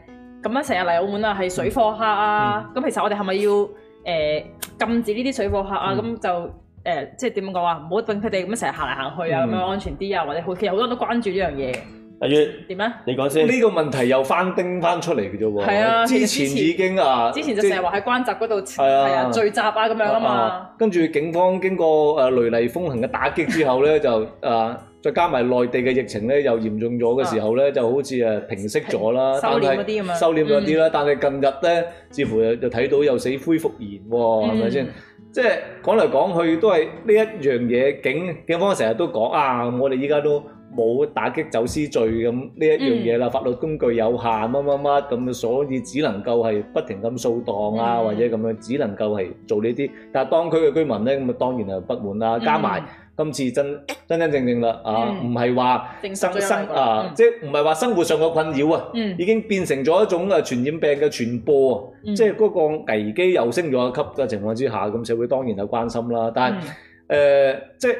咁樣成日嚟澳門啊，係水貨客啊。咁、嗯、其實我哋係咪要誒、呃、禁止呢啲水貨客啊？咁、嗯、就誒、呃、即係點講啊？唔好允許佢哋咁樣成日行嚟行去啊，咁樣、嗯、安全啲啊，或者好，其實好多人都關注呢樣嘢。阿月，點啊？你講先，呢個問題又翻叮翻出嚟嘅啫喎。係啊，之前已經啊，之前就成日話喺關閘嗰度係啊聚集啊咁樣啊嘛。跟住警方經過誒雷厲風行嘅打擊之後咧，就誒再加埋內地嘅疫情咧又嚴重咗嘅時候咧，就好似誒平息咗啦。收斂嗰啲咁啊，收斂咗啲啦。但係近日咧，似乎又睇到又死灰復燃喎，係咪先？即係講嚟講去都係呢一樣嘢，警警方成日都講啊，我哋依家都。冇打擊走私罪，咁呢一樣嘢啦，法律工具有限乜乜乜咁，所以只能夠係不停咁掃蕩啊，或者咁樣，只能夠係做呢啲。但係當區嘅居民咧，咁啊當然係不滿啦。加埋今次真真真正正啦啊，唔係話生啊，即係唔係話生活上嘅困擾啊，已經變成咗一種誒傳染病嘅傳播啊，即係嗰個危機又升咗一級嘅情況之下，咁社會當然係關心啦。但係誒、呃，即係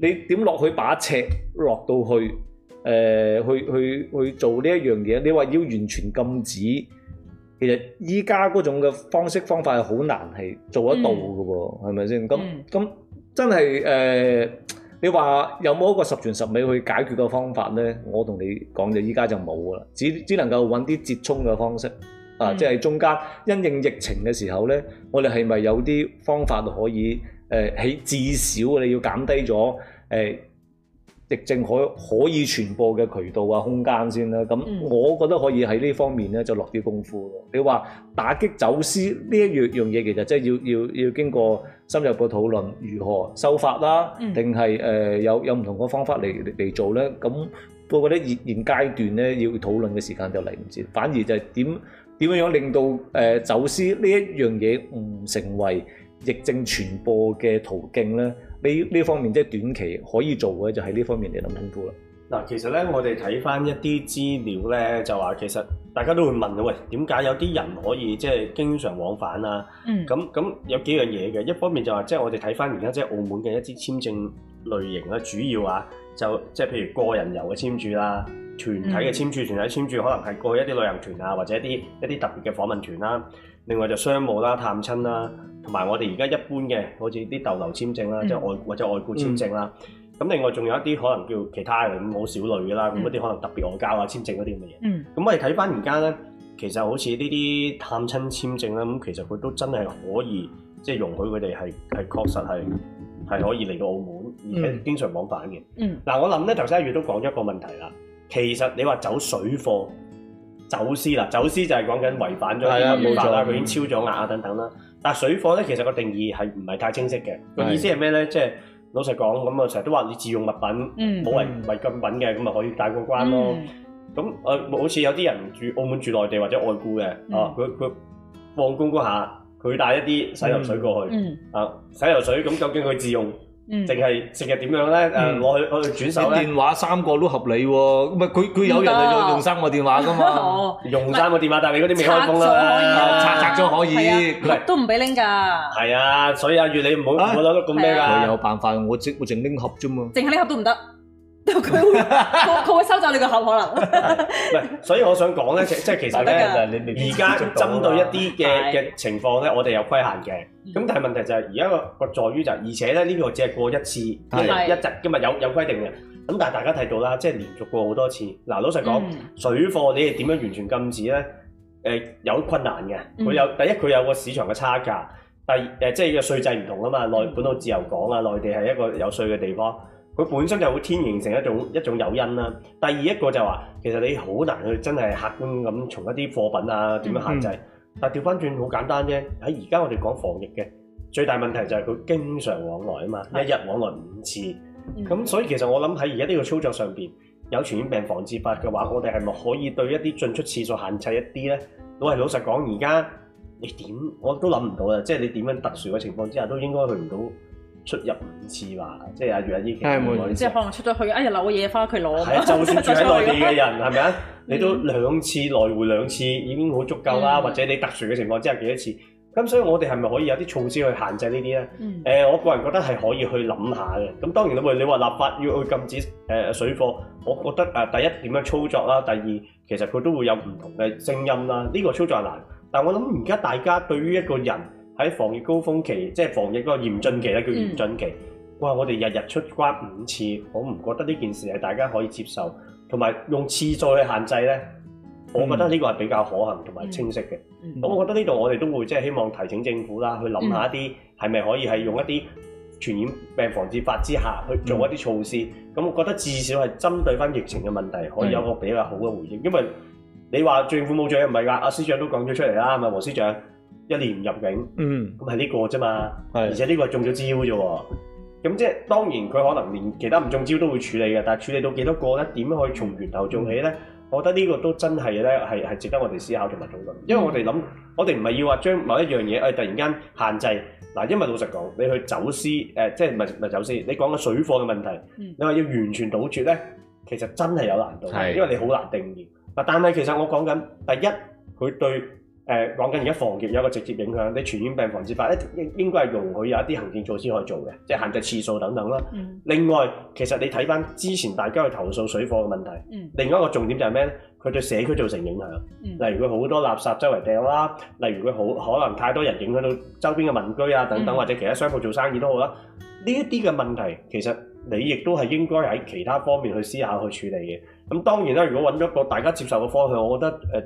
你點落去把尺落到去，誒、呃，去去去做呢一樣嘢？你話要完全禁止，其實依家嗰種嘅方式方法係好難係做得到嘅喎，係咪先？咁咁、嗯、真係誒、呃，你話有冇一個十全十美去解決嘅方法咧？我同你講就依家就冇㗎啦，只只能夠揾啲折中嘅方式啊！嗯、即係中間因應疫情嘅時候咧，我哋係咪有啲方法可以？誒，喺至少你要減低咗誒疫症可可以傳播嘅渠道啊、空間先啦。咁我覺得可以喺呢方面咧就落啲功夫咯。嗯、你話打擊走私呢一樣嘢，其實即係要要要經過深入嘅討論，如何修法啦，定係誒有有唔同嘅方法嚟嚟做咧？咁我覺得現階段咧要討論嘅時間就嚟唔切，反而就係點點樣樣令到誒走私呢一樣嘢唔成為。疫症傳播嘅途徑咧，呢呢方面即係短期可以做嘅就喺、是、呢方面嚟諗清楚啦。嗱，其實咧我哋睇翻一啲資料咧，就話其實大家都會問喂，點解有啲人可以即係經常往返啊？嗯，咁咁有幾樣嘢嘅，一方面就話、是、即係我哋睇翻而家即係澳門嘅一啲簽證類型啦，主要啊就即係譬如個人遊嘅簽注啦，團體嘅簽注，團體簽注，注可能係過去一啲旅行團啊，或者啲一啲特別嘅訪問團啦、啊。另外就商務啦、探親啦，同埋我哋而家一般嘅，好似啲逗留簽證啦，即、嗯、外或者外僱簽證啦。咁、嗯、另外仲有一啲可能叫其他嘅，咁好少類嘅啦，咁嗰啲可能特別外交啊簽證嗰啲咁嘅嘢。咁、嗯、我哋睇翻而家咧，其實好似呢啲探親簽證啦，咁其實佢都真係可以，即、就、係、是、容許佢哋係係確實係係、嗯、可以嚟到澳門，而且經常往返嘅、嗯。嗯。嗱、嗯啊，我諗咧頭先阿月都講咗一個問題啦，其實你話走水貨。嗯走私啦，走私就係講緊違反咗啲規範啦，佢已經超咗額啊等等啦。但係水貨咧，其實個定義係唔係太清晰嘅。個對 意思係咩咧？即、就、係、是、老實講咁啊，成、嗯、日都話你自用物品冇係唔係禁品嘅，咁咪、嗯、可以帶過關咯。咁啊、嗯呃，好似有啲人住澳門住內地或者外僱嘅，嗯、啊佢佢放工嗰下，佢帶一啲洗頭水過去，嗯嗯嗯、啊洗頭水咁究竟佢自用？淨係成日點樣呢？誒、嗯，攞去攞去轉手，你電話三個都合理喎、啊，佢有人用三個電話㗎嘛， 用三個電話，但係你嗰啲未開封啦，拆，了啊、拆拆咗可以，啊、不是都唔俾拎㗎。係啊，所以阿、啊、月你唔好唔好攞得咁咩㗎。佢、啊、有辦法，我即我淨拎盒啫嘛，淨拎盒都唔得。佢會，佢會收走你個口可能。唔係，所以我想講咧， 即係其實咧，而家 針對一啲嘅嘅情況咧， 我哋有規限嘅。咁 但係問題就係而家個在於就是，而且咧呢個淨係過一次 一直今日有有規定嘅。咁但係大家睇到啦，即係連續過好多次。嗱，老實講， 水貨你係點樣完全禁止咧？誒，有困難嘅。佢有 第一，佢有個市場嘅差價。第二誒，即係個稅制唔同啊嘛，本土自由港啊，內地係一個有稅嘅地方。佢本身就好天然成一種一種誘因啦、啊。第二一個就話、是，其實你好難去真係客觀咁從一啲貨品啊，點樣限制。嗯嗯、但調翻轉好簡單啫。喺而家我哋講防疫嘅最大問題就係佢經常往來啊嘛，的一日往來五次。咁、嗯、所以其實我諗喺而家呢個操作上邊有傳染病防治法嘅話，我哋係咪可以對一啲進出次數限制一啲呢？老係老實講，而家你點我都諗唔到啊！即、就、係、是、你點樣特殊嘅情況之下，都應該去唔到。出入五次嘛，即係阿余阿姨、嗯，次即係可能出咗去，哎呀留個嘢翻佢攞。 就算住喺內地嘅人，係咪啊？你都兩次來回兩次已經好足夠啦。嗯、或者你特殊嘅情況之下幾多次？咁所以我哋係咪可以有啲措施去限制呢啲咧？誒、嗯呃，我個人覺得係可以去諗下嘅。咁當然啦，會你話立法要去禁止誒水貨，我覺得誒第一點樣操作啦、啊，第二其實佢都會有唔同嘅聲音啦。呢、這個操作係難，但我諗而家大家對於一個人。喺防疫高峰期，即係防疫個嚴峻期咧，叫嚴峻期。嗯、哇！我哋日日出關五次，我唔覺得呢件事係大家可以接受，同埋用次數去限制呢，我覺得呢個係比較可行同埋清晰嘅。咁、嗯、我覺得呢度我哋都會即係、就是、希望提醒政府啦，去諗下一啲係咪可以係用一啲傳染病防治法之下去做一啲措施。咁、嗯、我覺得至少係針對翻疫情嘅問題，可以有個比較好嘅回應。嗯、因為你話政府冇罪，唔係㗎，阿司長都講咗出嚟啦，係咪黃司長？一年入境，咁係呢個啫嘛，是而且呢個係中咗招啫喎，咁即係當然佢可能連其他唔中招都會處理嘅，但係處理到幾多個呢？點樣可以從源頭做起呢？我覺得呢個都真係呢係係值得我哋思考同埋討論，因為我哋諗，我哋唔係要話將某一樣嘢誒突然間限制，嗱，因為老實講，你去走私誒、呃，即係唔係走私，你講嘅水貨嘅問題，嗯、你話要完全堵絕呢，其實真係有難度，是因為你好難定義。嗱，但係其實我講緊第一，佢對。誒講緊而家防疫有一個直接影響，你傳染病防治法咧應應該係容許有一啲行政措施可以做嘅，即係限制次數等等啦。嗯、另外，其實你睇翻之前大家去投訴水貨嘅問題，嗯、另外一個重點就係咩咧？佢對社區造成影響，嗯、例如佢好多垃圾周圍掟啦，例如佢好可能太多人影響到周邊嘅民居啊等等，嗯、或者其他商鋪做生意都好啦。呢一啲嘅問題，其實你亦都係應該喺其他方面去思考去處理嘅。咁當然啦，如果揾咗一個大家接受嘅方向，我覺得誒誒、呃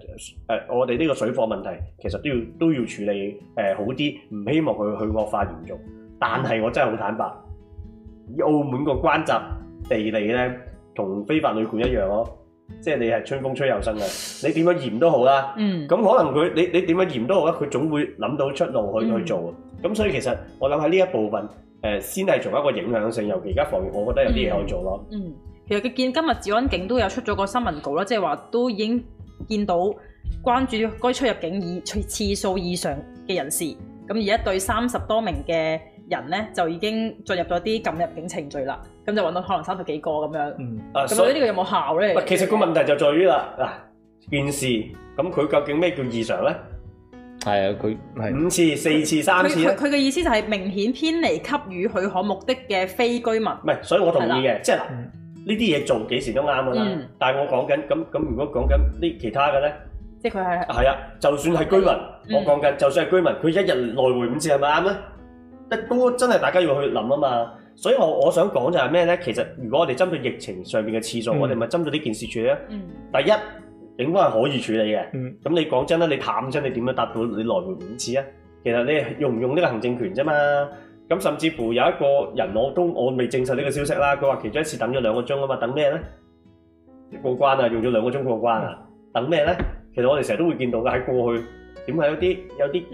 呃呃，我哋呢個水貨問題其實都要都要處理誒好啲，唔希望佢去惡化嚴重。但係我真係好坦白，澳門個關閘地理咧，同非法旅館一樣咯，即係你係春風吹又生嘅，你點樣嚴都好啦。嗯。咁可能佢你你點樣嚴都好咧，佢總會諗到出路去去做。咁、嗯、所以其實我諗喺呢一部分誒、呃，先係從一個影響性，尤其而家防疫，我覺得有啲嘢可以做咯、嗯。嗯。又見今日治安警都有出咗個新聞稿啦，即係話都已經見到關注該出入境以次數異常嘅人士，咁而家對三十多名嘅人咧，就已經進入咗啲禁入境程序啦，咁就揾到可能三十幾個咁樣，咁、嗯嗯啊、所以有有呢個有冇效咧？其實個問題就在於啦，嗱、啊、件事咁佢究竟咩叫異常咧？係啊，佢五次、四次、三次，佢嘅意思就係明顯偏離給予許可目的嘅非居民。唔係，所以我同意嘅，的即係嗱。嗯。呢啲嘢做幾時都啱噶啦，嗯、但係我講緊咁咁，如果講緊呢其他嘅咧，即係佢係係啊，就算係居民，嗯、我講緊就算係居民，佢一日來回五次係咪啱咧？亦都真係大家要去諗啊嘛。所以我我想講就係咩咧？其實如果我哋針對疫情上邊嘅次數，嗯、我哋咪針對呢件事處理啊。嗯、第一，警方係可以處理嘅。咁、嗯、你講真啦，你探親你點樣答到你來回五次啊？其實你用唔用呢個行政權啫嘛？咁甚至乎有一個人，我都我未證實呢個消息啦。佢話其中一次等咗兩個鐘啊嘛，等咩呢？過關啊，用咗兩個鐘過關啊，等咩呢？其實我哋成日都會見到嘅，喺過去，點解有啲有啲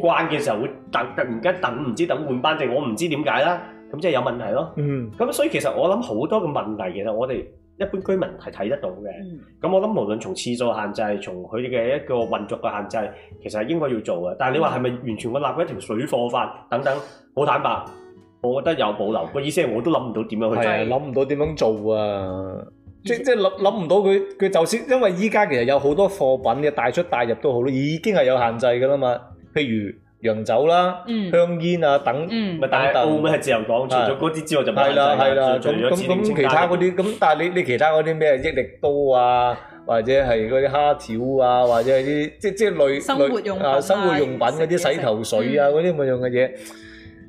過關嘅時候會等突然間等唔知等換班證，我唔知點解啦。咁即係有問題咯。嗯。咁所以其實我諗好多嘅問題，其實我哋。一般居民係睇得到嘅，咁我諗無論從次數限制，從佢嘅一個運作嘅限制，其實係應該要做嘅。但係你話係咪完全會立一條水貨法等等？好坦白，我覺得有保留。個意思係我都諗唔到點樣去做，係諗唔到點樣做啊！即即諗諗唔到佢佢，就算因為依家其實有好多貨品嘅帶出帶入都好啦，已經係有限制㗎啦嘛。譬如，洋酒啦、香煙啊等，咪但係澳門係自由港，除咗嗰啲之外就唔係。係啦係啦，咁咁其他嗰啲，咁但係你你其他嗰啲咩益力多啊，或者係嗰啲蝦條啊，或者係啲即即類生活用品生活用品嗰啲洗頭水啊嗰啲咁樣嘅嘢，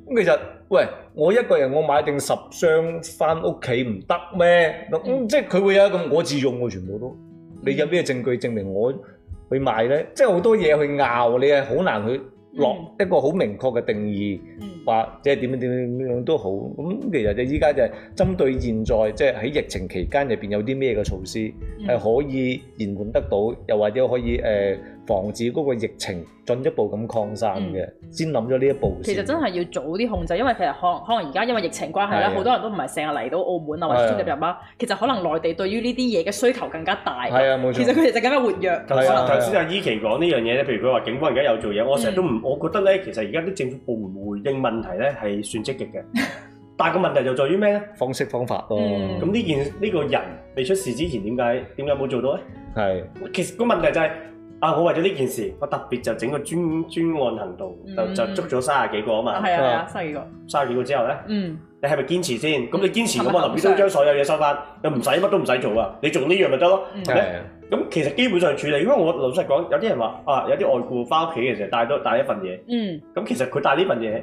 咁其實喂，我一個人我買定十箱翻屋企唔得咩？咁即係佢會有一個我自用喎，全部都。你有咩證據證明我去賣咧？即係好多嘢去拗，你係好難去。落一個好明確嘅定義，嗯、或者點樣點樣都好。咁其實就依家就針對現在，即係喺疫情期間入邊有啲咩嘅措施係、嗯、可以延緩得到，又或者可以誒，呃防止嗰個疫情進一步咁擴散嘅，先諗咗呢一步。其實真係要早啲控制，因為其實可能可能而家因為疫情關係咧，好多人都唔係成日嚟到澳門啊，或者出入境啊。其實可能內地對於呢啲嘢嘅需求更加大。係啊，冇錯。其實佢哋就更加活躍。頭先頭先阿依琪講呢樣嘢咧，譬如佢話警方而家有做嘢，我成日都唔，我覺得咧，其實而家啲政府部門回應問題咧係算積極嘅。但係個問題就在於咩咧？方式方法咯。咁呢件呢個人未出事之前，點解點解冇做到咧？係。其實個問題就係。啊！我為咗呢件事，我特別就整個專專案行動，就就捉咗卅幾個啊嘛，卅幾個，卅幾個之後咧，你係咪堅持先？咁你堅持咁，我後邊都將所有嘢收翻，又唔使乜都唔使做啊！你做呢樣咪得咯，係咁其實基本上處理，如果我老實講，有啲人話啊，有啲外僱翻屋企嘅時候帶多帶一份嘢，咁其實佢帶呢份嘢。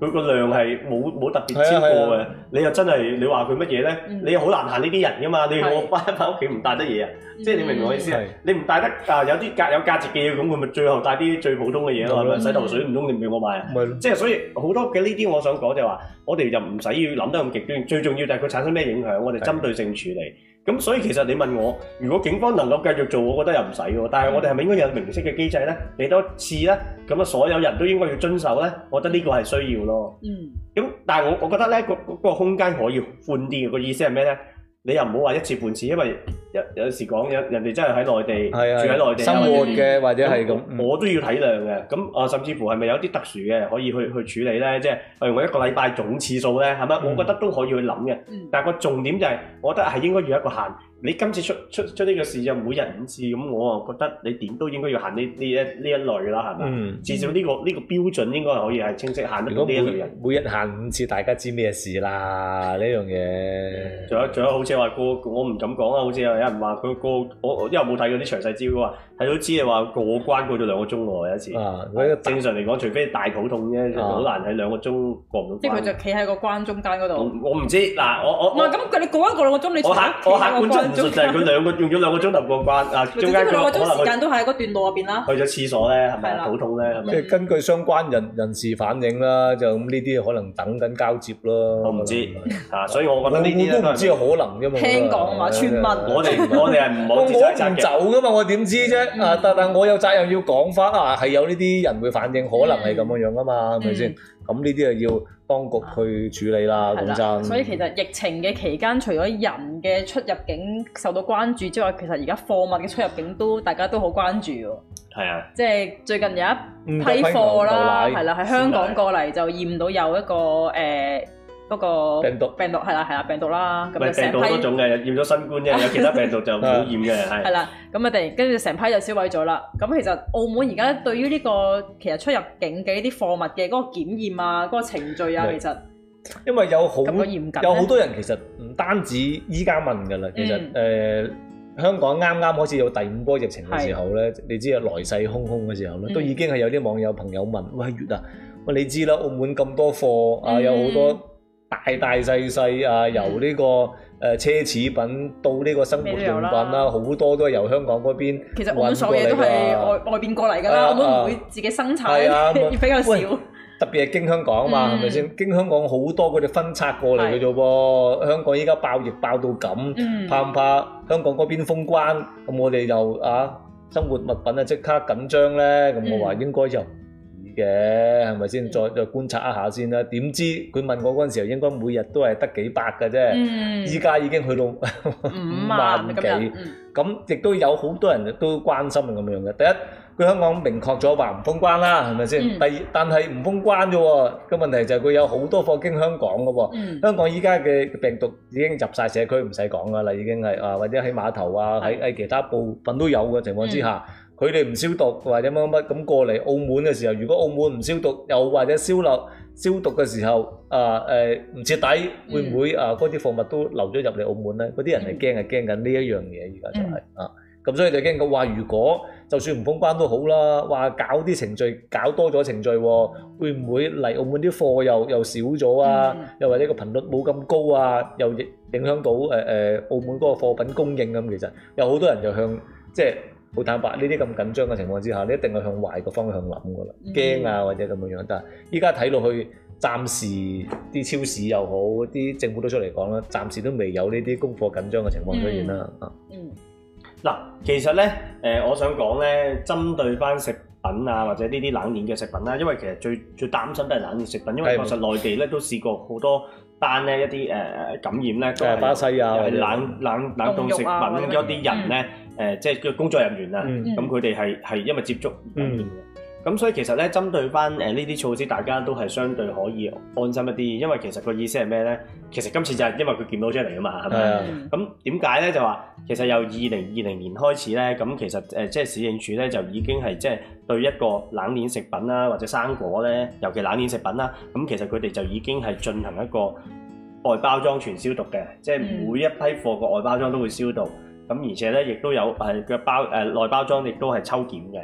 佢個量係冇冇特別超過嘅，你又真係你話佢乜嘢咧？你又好、嗯、難行呢啲人噶嘛？你我翻返屋企唔帶得嘢啊！的即係你明唔明我意思啊？的你唔帶得啊？有啲價有價值嘅嘢，咁佢咪最後帶啲最普通嘅嘢咯？洗頭水唔通你唔俾我買啊？的即係所以好多嘅呢啲，我想講就係話，我哋就唔使要諗得咁極端，最重要就係佢產生咩影響，我哋針對性處理。咁所以其實你問我，如果警方能夠繼續做，我覺得又唔使喎。但係我哋係咪應該有明晰嘅機制呢？俾多次呢，咁啊，所有人都應該要遵守呢，我覺得呢個係需要咯。嗯。咁，但係我我覺得咧，嗰個空間可以寬啲。嗰個意思係咩呢？你又唔好話一次半次，因為一有，有時講有人哋真係喺內地，係啊，住喺內地，生活嘅或者係咁，我都要體諒嘅。咁、嗯、啊，甚至乎係咪有啲特殊嘅可以去去處理咧？即係例如我一個禮拜總次數咧，係咪？我覺得都可以去諗嘅。嗯、但係個重點就係、是，我覺得係應該要一個限。你今次出出出呢個事就每日五次，咁我啊覺得你點都應該要行呢呢一呢一類啦，係咪？至少呢個呢個標準應該可以係清晰，行得到呢一類人。每日每日行五次，大家知咩事啦？呢樣嘢。仲有仲有好似話過，我唔敢講啊！好似有人話佢過，我因為冇睇嗰啲詳細資料啊，睇到知啊，話過關過咗兩個鐘喎，有一次。正常嚟講，除非大肚痛啫，好難喺兩個鐘過唔到關。即係佢就企喺個關中間嗰度。我唔知嗱，我我嗱咁，你過一個兩個鐘，你我行我行半鐘。就係佢兩個用咗兩個鐘頭過關啊！中間兩個鐘時間都喺嗰段路入邊啦。去咗廁所咧，係咪肚痛咧？即係根據相關人人士反應啦，就咁呢啲可能等緊交接咯。我唔知啊，所以我覺得呢啲都唔知可能，因為聽講話村民我哋我哋係唔好自找責走噶嘛，我點知啫？啊，但但我有責任要講翻啊，係有呢啲人會反應，可能係咁樣樣噶嘛，係咪先？咁呢啲啊要。當局去處理啦，咁就的。真所以其實疫情嘅期間，除咗人嘅出入境受到關注之外，其實而家貨物嘅出入境都大家都好關注喎。係啊，即係最近有一批貨啦，係啦，喺香港過嚟就驗到有一個誒。的嗰個病毒，病毒係啦，係啦，病毒啦，咁病毒好多種嘅，染咗新冠嘅，有其他病毒就唔好染嘅，係。係啦，咁啊哋跟住成批就銷毀咗啦。咁其實澳門而家對於呢個其實出入境嘅呢啲貨物嘅嗰個檢驗啊，嗰個程序啊，其實因為有好有好多人其實唔單止依家問㗎啦，其實誒香港啱啱開始有第五波疫情嘅時候咧，你知啊來勢洶洶嘅時候咧，都已經係有啲網友朋友問：喂月啊，喂你知啦，澳門咁多貨啊，有好多。大大細細啊，由呢個誒奢侈品到呢個生活用品啦，好多都係由香港嗰邊揾過嚟㗎。其實冇所謂都係外外邊過嚟㗎啦，uh, uh, 我都唔會自己生產，比較少。啊、特別係經香港啊嘛，係咪先？經香港好多嗰啲分拆過嚟嘅啫噃。是香港依家爆疫爆到咁，嗯、怕唔怕香港嗰邊封關？咁我哋又啊，生活物品啊即刻緊張咧？咁我話應該就，嘅係咪先？再再觀察一下先啦。點知佢問我嗰陣時候，應該每日都係得幾百嘅啫。依家、嗯、已經去到 五萬幾多，咁亦都有好多人都關心咁樣嘅。第一，佢香港明確咗話唔封關啦，係咪先？嗯、第二，但係唔封關啫喎。個問題就係佢有好多貨經香港嘅喎。嗯、香港依家嘅病毒已經入晒社區，唔使講㗎啦，已經係啊，或者喺碼頭啊，喺喺、嗯、其他部分都有嘅情況之下。嗯佢哋唔消毒或者乜乜咁過嚟澳門嘅時候，如果澳門唔消毒，又或者消落消毒嘅時候，啊誒唔徹底，會唔會啊嗰啲貨物都流咗入嚟澳門咧？嗰啲人係驚啊驚緊呢一樣嘢，而家就係啊，咁所以就驚話，如果就算唔封關都好啦，話搞啲程序，搞多咗程序，會唔會嚟澳門啲貨又又少咗啊？又或者個頻率冇咁高啊？又影影響到誒誒澳門嗰個貨品供應咁？其實有好多人就向即係。好坦白，呢啲咁緊張嘅情況之下，你一定係向壞嘅方向諗㗎喇，驚啊或者咁樣樣。但係依家睇落去，暫時啲超市又好，啲政府都出嚟講啦，暫時都未有呢啲供貨緊張嘅情況出現啦。啊，嗯，嗱，其實咧，誒，我想講咧，針對翻食品啊，或者呢啲冷鏈嘅食品啦，因為其實最最擔心都係冷鏈食品，因為確實內地咧都試過好多單咧一啲誒感染咧，誒巴西啊，冷冷冷凍食品一啲人咧。誒，即係個工作人員啊，咁佢哋係係因為接觸而感染嘅。咁、嗯、所以其實咧，針對翻誒呢啲措施，大家都係相對可以安心一啲。因為其實個意思係咩咧？其實今次就係因為佢檢到出嚟啊嘛，係咪、嗯？咁點解咧？就話其實由二零二零年開始咧，咁其實誒即係市政署咧就已經係即係對一個冷鏈食品啦，或者生果咧，尤其冷鏈食品啦，咁其實佢哋就已經係進行一個外包裝全消毒嘅，即、就、係、是、每一批貨個外包裝都會消毒。嗯。咁而且咧，亦都有係嘅包誒內包裝，亦都係抽檢嘅。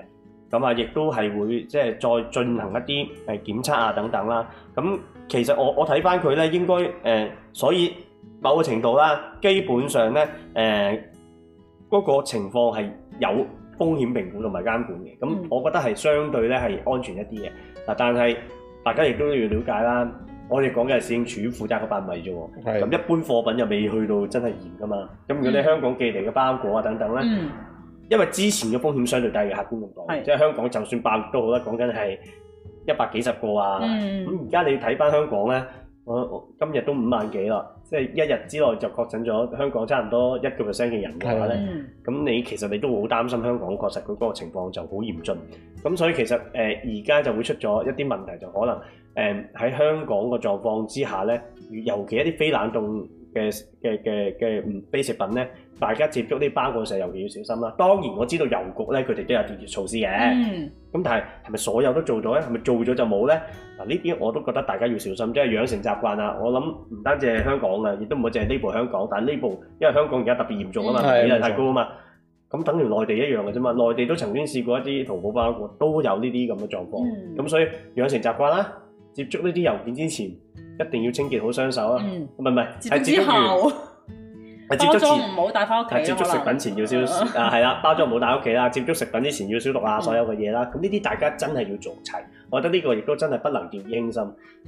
咁啊，亦都係會即係再進行一啲誒檢測啊等等啦。咁其實我我睇返佢咧，應該誒、呃，所以某個程度啦，基本上咧誒嗰個情況係有風險評估同埋監管嘅。咁我覺得係相對咧係安全一啲嘅嗱。但係大家亦都要了解啦。我哋講嘅係市政處負責嘅範圍啫喎，咁的一般貨品又未去到真係嚴噶嘛，咁如果你香港寄嚟嘅包裹啊等等咧，嗯、因為之前嘅風險相對低，客觀咁講，的即係香港就算爆都好啦，講緊係一百幾十個啊，咁而家你要睇翻香港咧。我今日都五萬幾啦，即係一日之內就確診咗香港差唔多一個 percent 嘅人嘅話咧，咁你其實你都會好擔心香港，確實佢嗰個情況就好嚴峻，咁所以其實誒而家就會出咗一啲問題，就可能誒喺、呃、香港嘅狀況之下咧，尤其一啲非冷凍。嘅嘅嘅嘅唔卑食品咧，大家接觸啲包裹嗰時候，尤其要小心啦。當然我知道郵局咧，佢哋都有特別措施嘅。嗯、mm. 咁但係係咪所有都做咗咧？係咪做咗就冇咧？嗱呢啲我都覺得大家要小心，即係養成習慣啦。我諗唔單止係香港嘅，亦都唔好淨係呢部香港，但呢部，因為香港而家特別嚴重啊嘛，比例、mm. 太高啊嘛。咁等於內地一樣嘅啫嘛，內地都曾經試過一啲淘寶包裹都有呢啲咁嘅狀況，咁、mm. 所以養成習慣啦，接觸呢啲郵件之前。一定要清潔好雙手啊！唔係唔係，喺接觸，喺接觸前唔好帶翻屋企啊！是能接觸食品前要消， 啊係啦、啊，包裝唔好帶屋企啦，接觸食品之前要消毒啊，嗯、所有嘅嘢啦，咁呢啲大家真係要做齊。我覺得呢個亦都真係不能掉以輕心。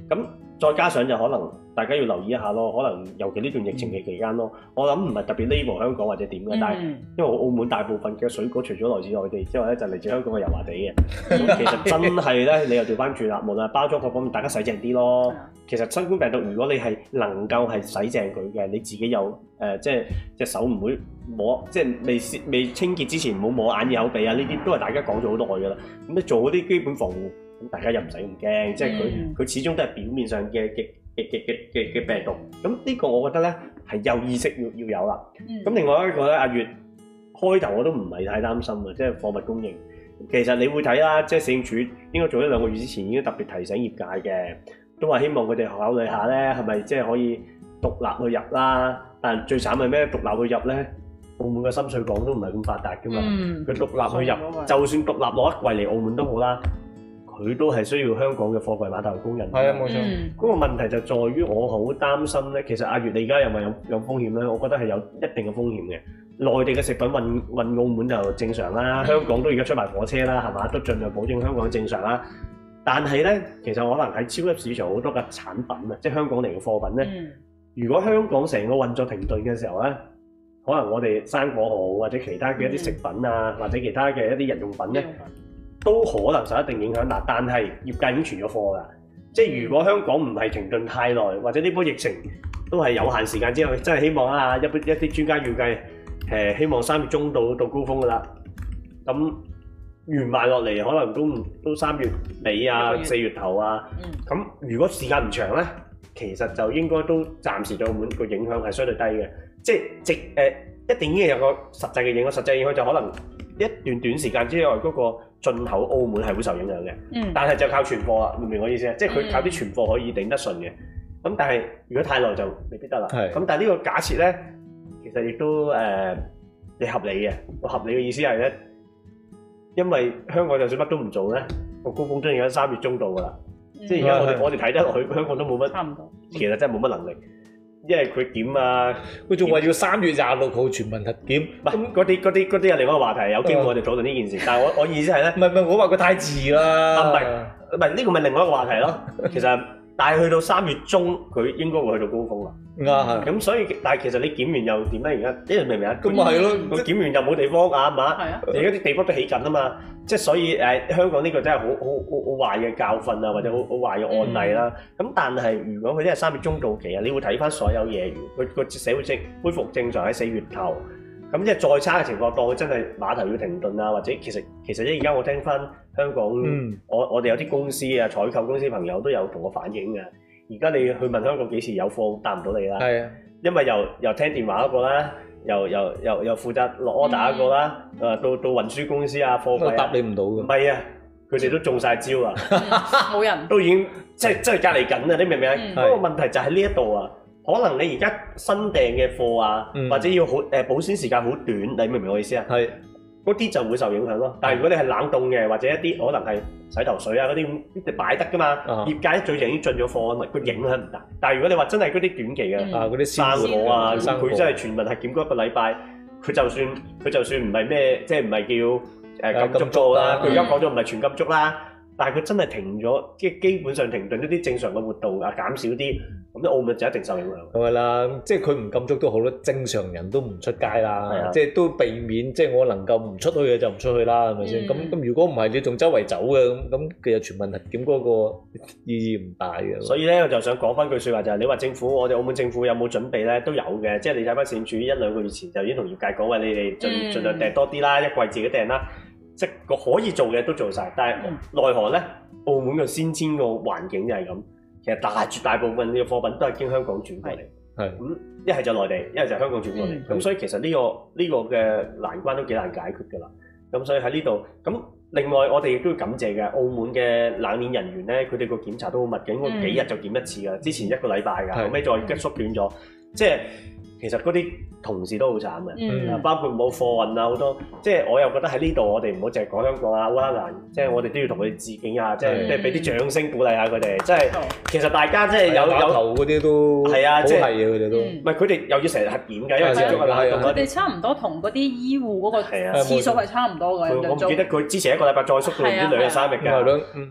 咁再加上就可能大家要留意一下咯，可能尤其呢段疫情嘅期間咯。我諗唔係特別呢個香港或者點嘅，但係因為澳門大部分嘅水果除咗來自內地之外咧，就嚟自香港嘅油麻地嘅。其實真係咧， 你又調翻轉啦。無論係包裝各方面，大家洗淨啲咯。 其實新冠病毒如果你係能夠係洗淨佢嘅，你自己有，誒、呃、即係隻手唔會摸，即係未未清潔之前唔好摸眼耳口鼻啊。呢啲都係大家講咗好耐嘅啦。咁你做嗰啲基本防護。咁大家又唔使咁驚，即係佢佢始終都係表面上嘅嘅嘅嘅嘅嘅病毒。咁呢個我覺得咧係有意識要要有啦。咁另外一個咧，阿月開頭我都唔係太擔心嘅，即係貨物供應。其實你會睇啦，即係市政署應該做咗兩個月之前已經特別提醒業界嘅，都話希望佢哋考慮下咧，係咪即係可以獨立去入啦。但最慘係咩？獨立去入咧，澳門嘅深水港都唔係咁發達噶嘛。佢獨立去入，就算獨立攞一櫃嚟澳門都好啦。佢都係需要香港嘅貨櫃碼頭工人。係 啊，冇錯。咁個問題就在於，我好擔心咧。其實阿月，你而家有冇有有風險咧，我覺得係有一定嘅風險嘅。內地嘅食品運運澳門就正常啦，香港都而家出埋火車啦，係嘛，都盡量保證香港正常啦。但係咧，其實可能喺超級市場好多嘅產品啊，即係香港嚟嘅貨品咧。如果香港成個運作停頓嘅時候咧，可能我哋生果好或者其他嘅一啲食品啊，或者其他嘅一啲日 用品咧。都可能受一定影響嗱，但係業界已經存咗貨啦。即係如果香港唔係停頓太耐，或者呢波疫情都係有限時間之後，真係希望啊！一般一啲專家預計，誒希望三月中到到高峰噶啦。咁完埋落嚟，可能都都三月尾啊，四月頭啊。咁、嗯、如果時間唔長呢，其實就應該都暫時對澳門個影響係相對低嘅。即係直誒，一定呢樣有個實際嘅影響，實際影響就可能。一段短時間之外，嗰、嗰個進口澳門係會受影響嘅，嗯、但係就靠存貨啊，明唔明我意思啊？嗯、即係佢靠啲存貨可以頂得順嘅，咁但係如果太耐就未必得啦。咁是但係呢個假設咧，其實亦都誒係、呃、合理嘅。我合理嘅意思係咧，因為香港就算乜都唔做咧，個高峯都而家三月中度噶啦，嗯、即係而家我、嗯、我哋睇得落去，香港都冇乜，差唔多其實真係冇乜能力。因為佢點啊？佢仲話要三月廿六號全民核檢，唔係嗰啲嗰啲啲係另外一個話題。有機會我哋討論呢件事，呃、但係我我意思係咧，唔係唔係，我話佢太遲啦。啊，唔係唔係，呢、這個咪另外一個話題咯。 其實，但係去到三月中，佢應該會去到高峰啦。啱，咁所以但係其實你檢完又點咧而家，啲人明唔明啊？咁咪係咯，佢檢完又冇地方㗎，嘛、嗯。係咪啊吧？而家啲地方都起緊啊嘛，即係所以誒，香港呢個真係好好好壞嘅教訓啊，或者好好壞嘅案例啦。咁、嗯、但係如果佢真係三月中到期啊，你會睇翻所有嘢佢個社會正恢復正常喺四月頭。咁、嗯、即係再差嘅情況，當佢真係碼頭要停頓啊，或者其實其實即而家我聽翻香港，嗯嗯、我我哋有啲公司啊，採購公司朋友都有同我反映嘅。而家你去問香港幾時有貨，答唔到你啦。係啊，因為又又聽電話嗰個啦，又又又又負責落 order 嗰個啦，啊到到運輸公司啊貨費答你唔到嘅。唔係啊，佢哋都中曬招啊，冇人都已經即即係隔離緊啊！你明唔明啊？嗰個問題就喺呢一度啊。可能你而家新訂嘅貨啊，或者要好誒保鮮時間好短，你明唔明我意思啊？係。嗰啲就會受影響咯，但係如果你係冷凍嘅或者一啲可能係洗頭水啊，嗰啲，擺得㗎嘛，業界咧最近已經進咗貨咪，佢影響唔大。但係如果你話真係嗰啲短期嘅，啊嗰啲生果啊，佢真係全民係檢嗰一個禮拜，佢就算佢就算唔係咩，即係唔係叫誒禁足珠啦，佢而家講咗唔係全禁足啦。但係佢真係停咗，即係基本上停頓一啲正常嘅活動，啊減少啲，咁啲、嗯、澳門就一定受影響。咁咪啦，即係佢唔禁足都好咯，正常人都唔出街啦，是的 即係都避免，即係我能夠唔出去嘅就唔出去啦，係咪先？咁咁、嗯、如果唔係，你仲周圍走嘅咁，咁其實全問題點全民核檢嗰個意義唔大嘅。嗯、所以咧，我就想講翻句説話，就是，就係你話政府，我哋澳門政府有冇準備咧？都有嘅，即係你睇翻線，處於一兩個月前就已經同業界講話，你哋盡儘，儘，儘量訂多啲啦，一季自己訂啦。即係可以做嘅都做晒，但係奈何呢，澳門嘅先前個環境就係咁。其實大絕大部分呢個貨品都係經香港轉過嚟，係咁一係就內地，一係就香港轉過嚟。咁、嗯、所以其實呢、呢個呢、呢個嘅難關都幾難解決㗎啦。咁所以喺呢度，咁另外我哋亦都要感謝嘅澳門嘅冷鏈人員呢，佢哋個檢查都好密嘅，咁幾日就檢一次㗎，之前一個禮拜㗎，的後尾再縮短咗，即係。其實嗰啲同事都好慘嘅，包括冇貨運啊，好多即係我又覺得喺呢度，我哋唔好淨係講香港啊，烏克蘭，即係我哋都要同佢哋致敬啊，即係即係俾啲掌聲鼓勵下佢哋。即係其實大家即係有有嗰啲都係啊，即係嘅佢哋都唔係佢哋又要成日核檢㗎，因為我哋差唔多同嗰啲醫護嗰個次數係差唔多嘅。我唔記得佢之前一個禮拜再縮到唔知兩日三日㗎，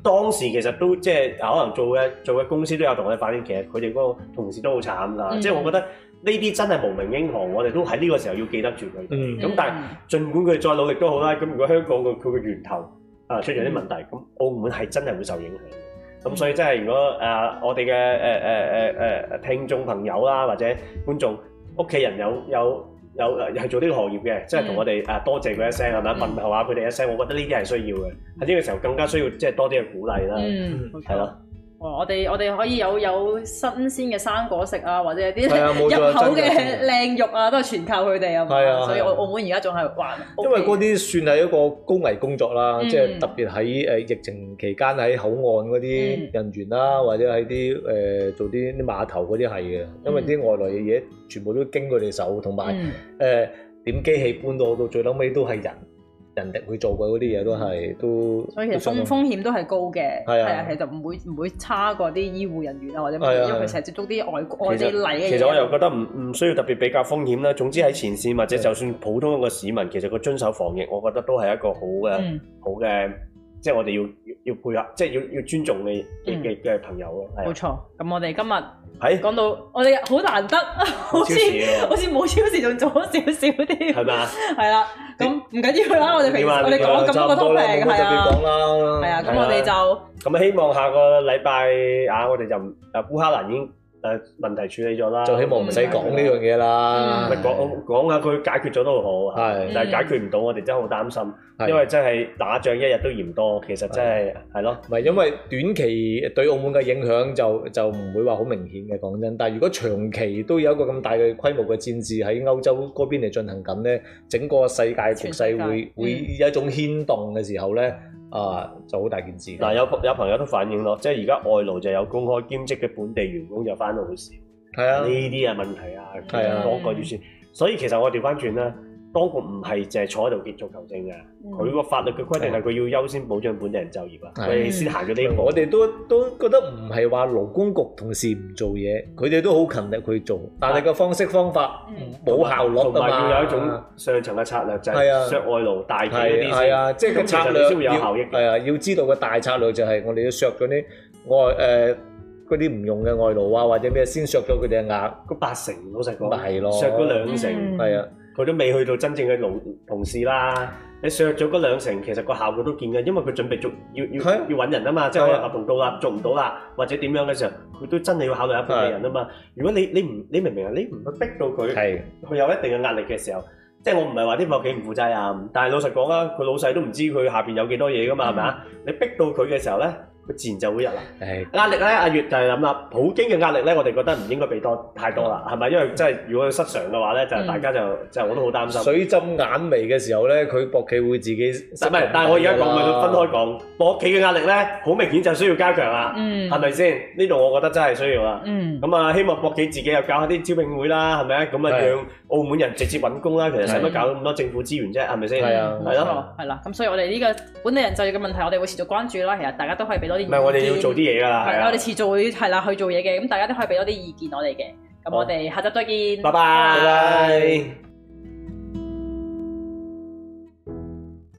當時其實都即係可能做嘅做嘅公司都有同我哋反映，其實佢哋嗰個同事都好慘㗎，即係我覺得。呢啲真係無名英雄，我哋都喺呢個時候要記得住佢。咁、嗯、但係，儘管佢再努力都好啦，咁如果香港嘅佢嘅源頭啊出現啲問題，咁、嗯、澳門係真係會受影響嘅。咁所以真係，如果誒、呃、我哋嘅誒誒誒誒聽眾朋友啦，或者觀眾屋企人有有有係做呢個行業嘅，即係同我哋誒多謝佢一聲係咪啊？問候下佢哋一聲，我覺得呢啲係需要嘅，喺呢個時候更加需要即係、就是、多啲嘅鼓勵啦，係咯、嗯。哦、我哋我哋可以有有新鮮嘅生果食啊，或者有啲入口嘅靚肉啊，都係全靠佢哋啊嘛。啊所以我澳門而家仲係掛。因為嗰啲算係一個高危工作啦，嗯、即係特別喺誒疫情期間喺口岸嗰啲人員啦、啊，或者喺啲誒做啲啲碼頭嗰啲係嘅。因為啲外來嘅嘢全部都經佢哋手，同埋誒點機器搬到到最撈尾都係人。人哋會做過嗰啲嘢都係都，所以其實風風險都係高嘅，係啊係就唔會唔會差過啲醫護人員啊，或者的因為成日接觸啲外國啲嚟嘅。其實我又覺得唔唔需要特別比較風險啦。總之喺前線或者就算普通一個市民，其實個遵守防疫，我覺得都係一個好嘅、嗯、好嘅，即係我哋要要配合，即係要要尊重你嘅嘅朋友咯。冇錯，咁我哋今日。係講到我哋好難得，有 好似好似冇超市仲做咗少少啲，係咪嗎？係啦，咁唔緊要啦，你我哋平時我哋講咁多都平係啊。係、well、啊，咁、啊啊啊、我哋就咁、啊、希望下個禮拜啊，我哋就啊烏克蘭已經。誒問題處理咗啦，就希望唔使講呢樣嘢啦。唔係講講下佢解決咗都好，係的，但係解決唔到我哋真係好擔心，的因為真係打仗一日都嫌多，其實真係係咯。唔係因為短期對澳門嘅影響就就唔會話好明顯嘅，講真。但係如果長期都有一個咁大嘅規模嘅戰事喺歐洲嗰邊嚟進行緊呢，整個世界局勢會會有一種牽動嘅時候呢。啊，就好大件事。嗱，有有朋友都反映咯，即係而家外勞就有公開兼職嘅本地員工就翻到好少。係啊，呢啲啊問題啊，講個住算。啊、所以其實我調翻轉啦。當局唔係淨係坐喺度結束求證嘅，佢個法律嘅規定係佢要優先保障本地人就業啊。我哋先行咗，我哋都都覺得唔係話勞工局同事唔做嘢，佢哋都好勤力去做，但係個方式方法冇效率啊嘛。同埋要有一種上層嘅策略，就係削外勞大嘅啲啊，即係個策略先會有效益。係啊，要知道個大策略就係我哋要削咗啲外誒啲唔用嘅外勞啊，或者咩先削咗佢哋嘅額八成，老實講。咪咯，削咗兩成係啊。佢都未去到真正嘅老同事啦，你削咗嗰兩成，其實個效果都見嘅，因為佢準備做要要要揾人啊嘛，的即係合同到啦，做唔到啦，或者點樣嘅時候，佢都真係要考慮一部分人啊嘛。的如果你你唔你明唔明啊？你唔去逼到佢，佢的有一定嘅壓力嘅時候，即係我唔係話啲僕僕唔負責任，但係老實講啊，佢老細都唔知佢下邊有幾多嘢噶嘛，係咪啊？你逼到佢嘅時候咧，自然就會入啦，壓力咧，阿月就係諗啦。普京嘅壓力咧，我哋覺得唔應該俾多太多啦，係咪？因為真係如果佢失常嘅話咧，就大家就就我都好擔心。水浸眼眉嘅時候咧，佢博企會自己唔係，但係我而家講嘅都分開講。博企嘅壓力咧，好明顯就需要加強啦，係咪先？呢度我覺得真係需要啦。咁啊，希望博企自己又搞下啲招聘會啦，係咪？咁啊，讓澳門人直接揾工啦。其實使乜搞咁多政府資源啫？係咪先？係啊，係咯，係啦。咁所以我哋呢個本地人就業嘅問題，我哋會持續關注啦。其實大家都可以俾多。唔係，我哋要做啲嘢㗎喇，係啊對，對我哋遲早會係啦去做嘢嘅，咁大家都可以俾多啲意見好我哋嘅。咁我哋下集再見，拜拜。拜拜拜拜。